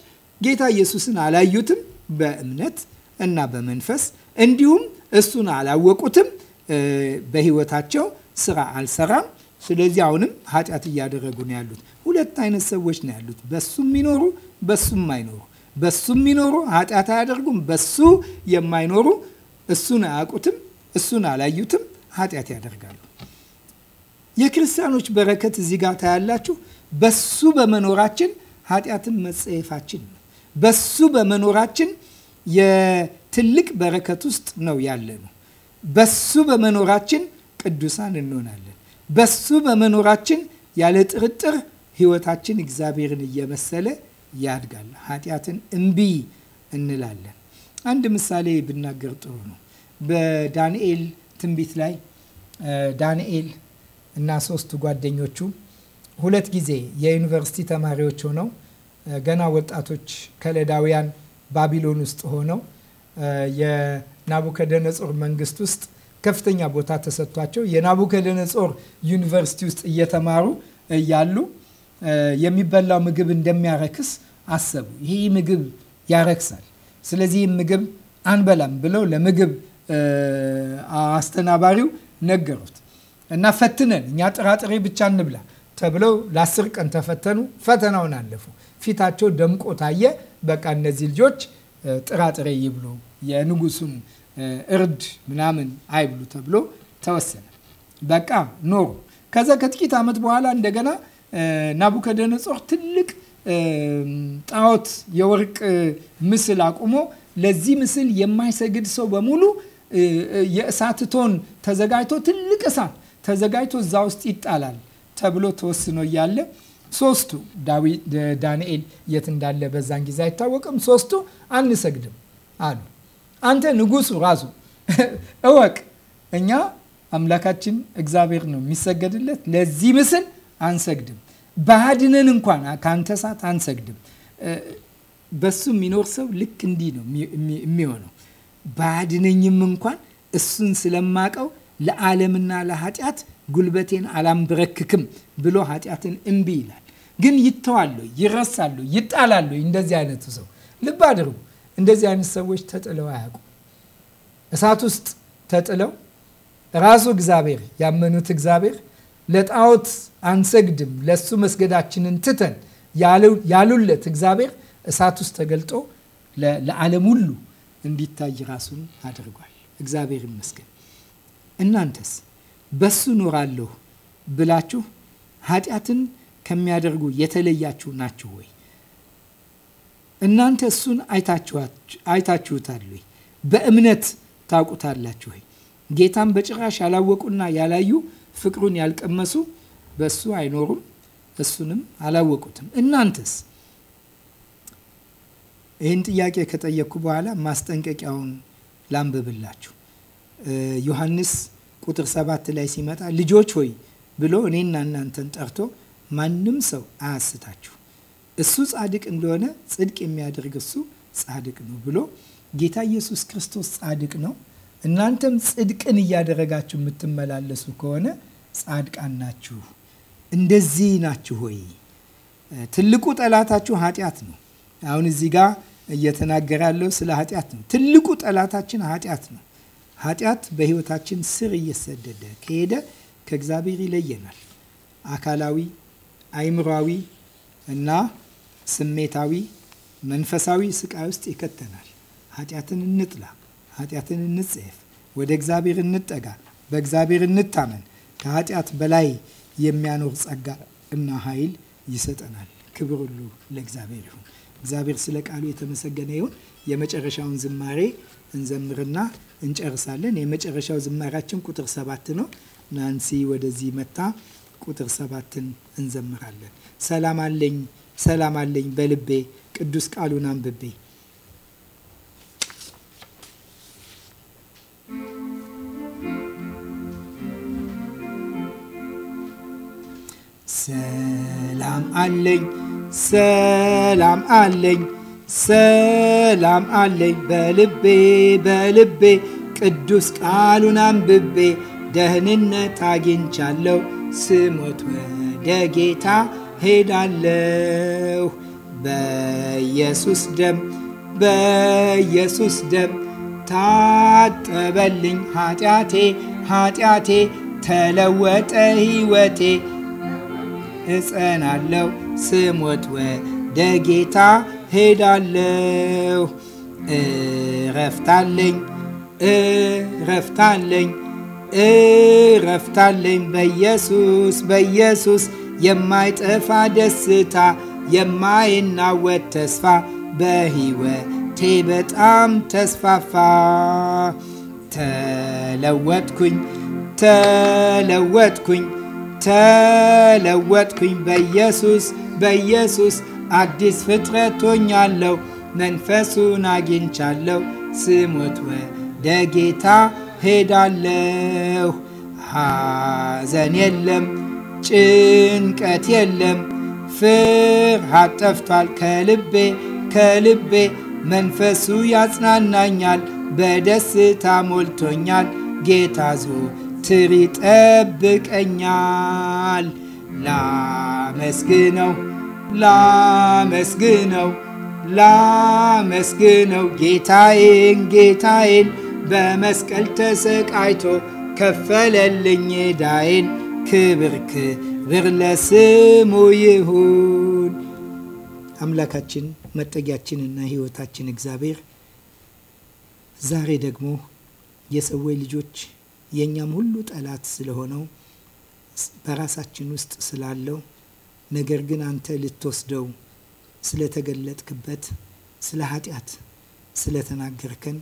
ጌታ ኢየሱስን አላዩትም በእምነት እና በመንፈስ እንዲሁም እሱን አላወቁትም። በህይወታቸው ስራ አልሰራም። ስለዚህ አሁንም ኃጢአት እያደረጉ ነው ያሉት። ሁለት አይነት ሰዎች ነው ያሉት፣ በሱ የሚኖሩ በሱም አይኖሩ። በሱ የሚኖሩ ኃጢአት አያደርጉም፣ በሱ የማይኖሩ እሱን አያውቁትም፣ እሱን አላዩትም፣ ኃጢአት ያደርጋሉ። የክርስቲያኖች በረከት እዚህ ጋር ታያላችሁ። በሱ በመኖራችን ኃጢአትን መጸየፋችን ነው። በሱ በመኖራችን የትልቅ በረከት ውስጥ ነው ያለ ነው። በሱ በመኖራችን ቅዱሳን እንሆናለን። በሱ በመኖራችን ያለ ጥርጥር ህይወታችን እግዚአብሔርን እየመሰለ ያድጋል። ኃጢአትን እምቢ እንላለን። አንድ ምሳሌ ብናገር ጥሩ ነው። በዳንኤል ትንቢት ላይ ዳንኤል እና ሶስቱ ጓደኞቹ ሁለት ጊዜ የዩኒቨርሲቲ ተማሪዎች ሆነው ገና ወጣቶች ከለዳውያን ባቢሎን ውስጥ ሆነው የናቡከደነጾር መንግስት ውስጥ ከፍተኛ ቦታ ተሰጥቷቸው የናቡከደነጾር ዩኒቨርሲቲ ውስጥ እየተማሩ እያሉ የሚበላው ምግብ እንደሚያረክስ አሰቡ። ይህ ምግብ ያረክሳል፣ ስለዚህ ምግብ አንበላም ብለው ለምግብ አስተናባሪው ነገሩት እና ፈትነን እኛ ጥራጥሬ ብቻ እንብላ ተብለው ለአስር ቀን ተፈተኑ። ፈተናውን አለፉ። ፊታቸው ደምቆ ታየ። በቃ እነዚህ ልጆች ጥራጥሬ ይብሉ የንጉሱን እርድ ምናምን አይብሉ ተብሎ ተወሰነ። በቃ ኖሩ። ከዛ ከጥቂት ዓመት በኋላ እንደገና ናቡከደነጾር ትልቅ ጣዖት የወርቅ ምስል አቁሞ ለዚህ ምስል የማይሰግድ ሰው በሙሉ የእሳት እቶን ተዘጋጅቶ ትልቅ እሳት ተዘጋጅቶ እዛ ውስጥ ይጣላል ተብሎ ተወስኖ እያለ ሶስቱ ዳንኤል የት እንዳለ በዛን ጊዜ አይታወቅም። ሶስቱ አንሰግድም አሉ። አንተ ንጉሱ ራሱ [laughs] እወቅ። እኛ አምላካችን እግዚአብሔር ነው የሚሰገድለት። ለዚህ ምስል አንሰግድም። በአድነን እንኳን ከአንተ እሳት አንሰግድም። በሱ የሚኖር ሰው ልክ እንዲህ ነው የሚሆነው። በአድነኝም እንኳን እሱን ስለማቀው ለዓለምና ለኃጢአት ጉልበቴን አላንበረክክም ብሎ ኃጢአትን እምቢ ይላል። ግን ይተዋሉ፣ ይረሳሉ፣ ይጣላሉ። እንደዚህ አይነቱ ሰው ልብ አድርጉ። እንደዚህ አይነት ሰዎች ተጥለው አያውቁ። እሳት ውስጥ ተጥለው ራሱ እግዚአብሔር ያመኑት እግዚአብሔር ለጣዖት አንሰግድም ለሱ መስገዳችንን ትተን ያሉለት እግዚአብሔር እሳት ውስጥ ተገልጦ ለዓለም ሁሉ እንዲታይ ራሱን አድርጓል። እግዚአብሔር ይመስገን። እናንተስ በሱ ኖራለሁ ብላችሁ ኃጢአትን ከሚያደርጉ የተለያችሁ ናችሁ ወይ? እናንተ እሱን አይታችሁታል ወይ? በእምነት ታውቁታላችሁ ወይ? ጌታን በጭራሽ ያላወቁና ያላዩ ፍቅሩን ያልቀመሱ በእሱ አይኖሩም፣ እሱንም አላወቁትም። እናንተስ? ይህን ጥያቄ ከጠየቅኩ በኋላ ማስጠንቀቂያውን ላንብብላችሁ። ዮሐንስ ቁጥር ሰባት ላይ ሲመጣ ልጆች ሆይ ብሎ እኔና እናንተን ጠርቶ ማንም ሰው አያስታችሁ እሱ ጻድቅ እንደሆነ ጽድቅ የሚያደርግ እሱ ጻድቅ ነው ብሎ ጌታ ኢየሱስ ክርስቶስ ጻድቅ ነው። እናንተም ጽድቅን እያደረጋችሁ የምትመላለሱ ከሆነ ጻድቃን ናችሁ። እንደዚህ ናችሁ ሆይ ትልቁ ጠላታችሁ ኃጢአት ነው። አሁን እዚህ ጋር እየተናገረ ያለው ስለ ኃጢአት ነው። ትልቁ ጠላታችን ኃጢአት ነው። ኃጢአት በህይወታችን ስር እየሰደደ ከሄደ ከእግዚአብሔር ይለየናል። አካላዊ፣ አይምሯዊ እና ስሜታዊ፣ መንፈሳዊ ስቃይ ውስጥ ይከተናል። ኃጢአትን እንጥላ፣ ኃጢአትን እንጽየፍ፣ ወደ እግዚአብሔር እንጠጋ፣ በእግዚአብሔር እንታመን። ከኃጢአት በላይ የሚያኖር ጸጋ እና ኃይል ይሰጠናል። ክብር ሁሉ ለእግዚአብሔር ይሁን። እግዚአብሔር ስለ ቃሉ የተመሰገነ ይሁን። የመጨረሻውን ዝማሬ እንዘምርና እንጨርሳለን። የመጨረሻው ዝማሬያችን ቁጥር ሰባት ነው። ናንሲ ወደዚህ መታ ቁጥር ሰባትን እንዘምራለን። ሰላም አለኝ ሰላም አለኝ በልቤ ቅዱስ ቃሉን አንብቤ ሰላም አለኝ ሰላም አለኝ ሰላም አለኝ በልቤ በልቤ ቅዱስ ቃሉን አንብቤ ደህንነት አግኝቻለሁ ስሞት ወደ ጌታ ሄዳለሁ በኢየሱስ ደም በኢየሱስ ደም ታጠበልኝ ኃጢአቴ ኃጢአቴ ተለወጠ ሕይወቴ እጸናለሁ ስሞት ወደ ጌታ ሄዳለሁ እረፍታለኝ እረፍታለኝ እረፍታለኝ በኢየሱስ በኢየሱስ የማይጠፋ ደስታ የማይናወጥ ተስፋ በሕይወቴ በጣም ተስፋፋ። ተለወጥኩኝ ተለወጥኩኝ ተለወጥኩኝ በኢየሱስ በኢየሱስ አዲስ ፍጥረት ሆኛለሁ። መንፈሱን አግኝቻለሁ። ስሙት ወደ ጌታ ሄዳለሁ። ሐዘን የለም ጭንቀት የለም፣ ፍርሃት ጠፍቷል ከልቤ ከልቤ መንፈሱ ያጽናናኛል፣ በደስታ ሞልቶኛል። ጌታ ዘወትር ይጠብቀኛል። ላመስግነው ላመስግነው ላመስግነው ጌታዬን ጌታዬን በመስቀል ተሰቃይቶ ከፈለልኝ ዳዬን ክብር ክብር ለስሙ ይሁን። አምላካችን መጠጊያችንና ሕይወታችን እግዚአብሔር ዛሬ ደግሞ የሰዎች ልጆች የእኛም ሁሉ ጠላት ስለሆነው በራሳችን ውስጥ ስላለው ነገር ግን አንተ ልትወስደው ስለተገለጥክበት ስለ ኃጢአት ስለተናገርከን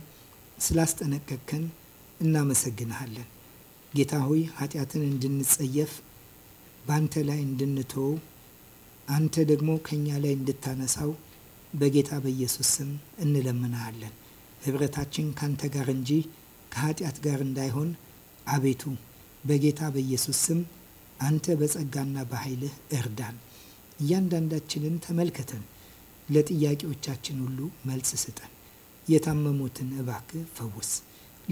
ስላስጠነቀቅከን እናመሰግንሃለን። ጌታ ሆይ ኃጢአትን እንድንጸየፍ በአንተ ላይ እንድንተው አንተ ደግሞ ከኛ ላይ እንድታነሳው በጌታ በኢየሱስ ስም እንለምናሃለን። ህብረታችን ካንተ ጋር እንጂ ከኃጢአት ጋር እንዳይሆን አቤቱ በጌታ በኢየሱስ ስም አንተ በጸጋና በኃይልህ እርዳን። እያንዳንዳችንን ተመልከተን፣ ለጥያቄዎቻችን ሁሉ መልስ ስጠን። የታመሙትን እባክህ ፈውስ።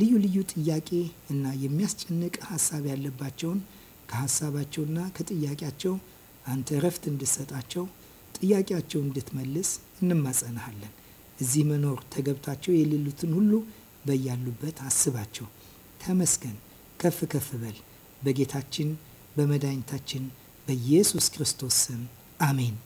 ልዩ ልዩ ጥያቄ እና የሚያስጨንቅ ሀሳብ ያለባቸውን ከሀሳባቸውና ከጥያቄያቸው አንተ እረፍት እንድትሰጣቸው ጥያቄያቸው እንድትመልስ እንማጸናሃለን። እዚህ መኖር ተገብታቸው የሌሉትን ሁሉ በያሉበት አስባቸው። ተመስገን፣ ከፍ ከፍ በል። በጌታችን በመድኃኒታችን በኢየሱስ ክርስቶስ ስም አሜን።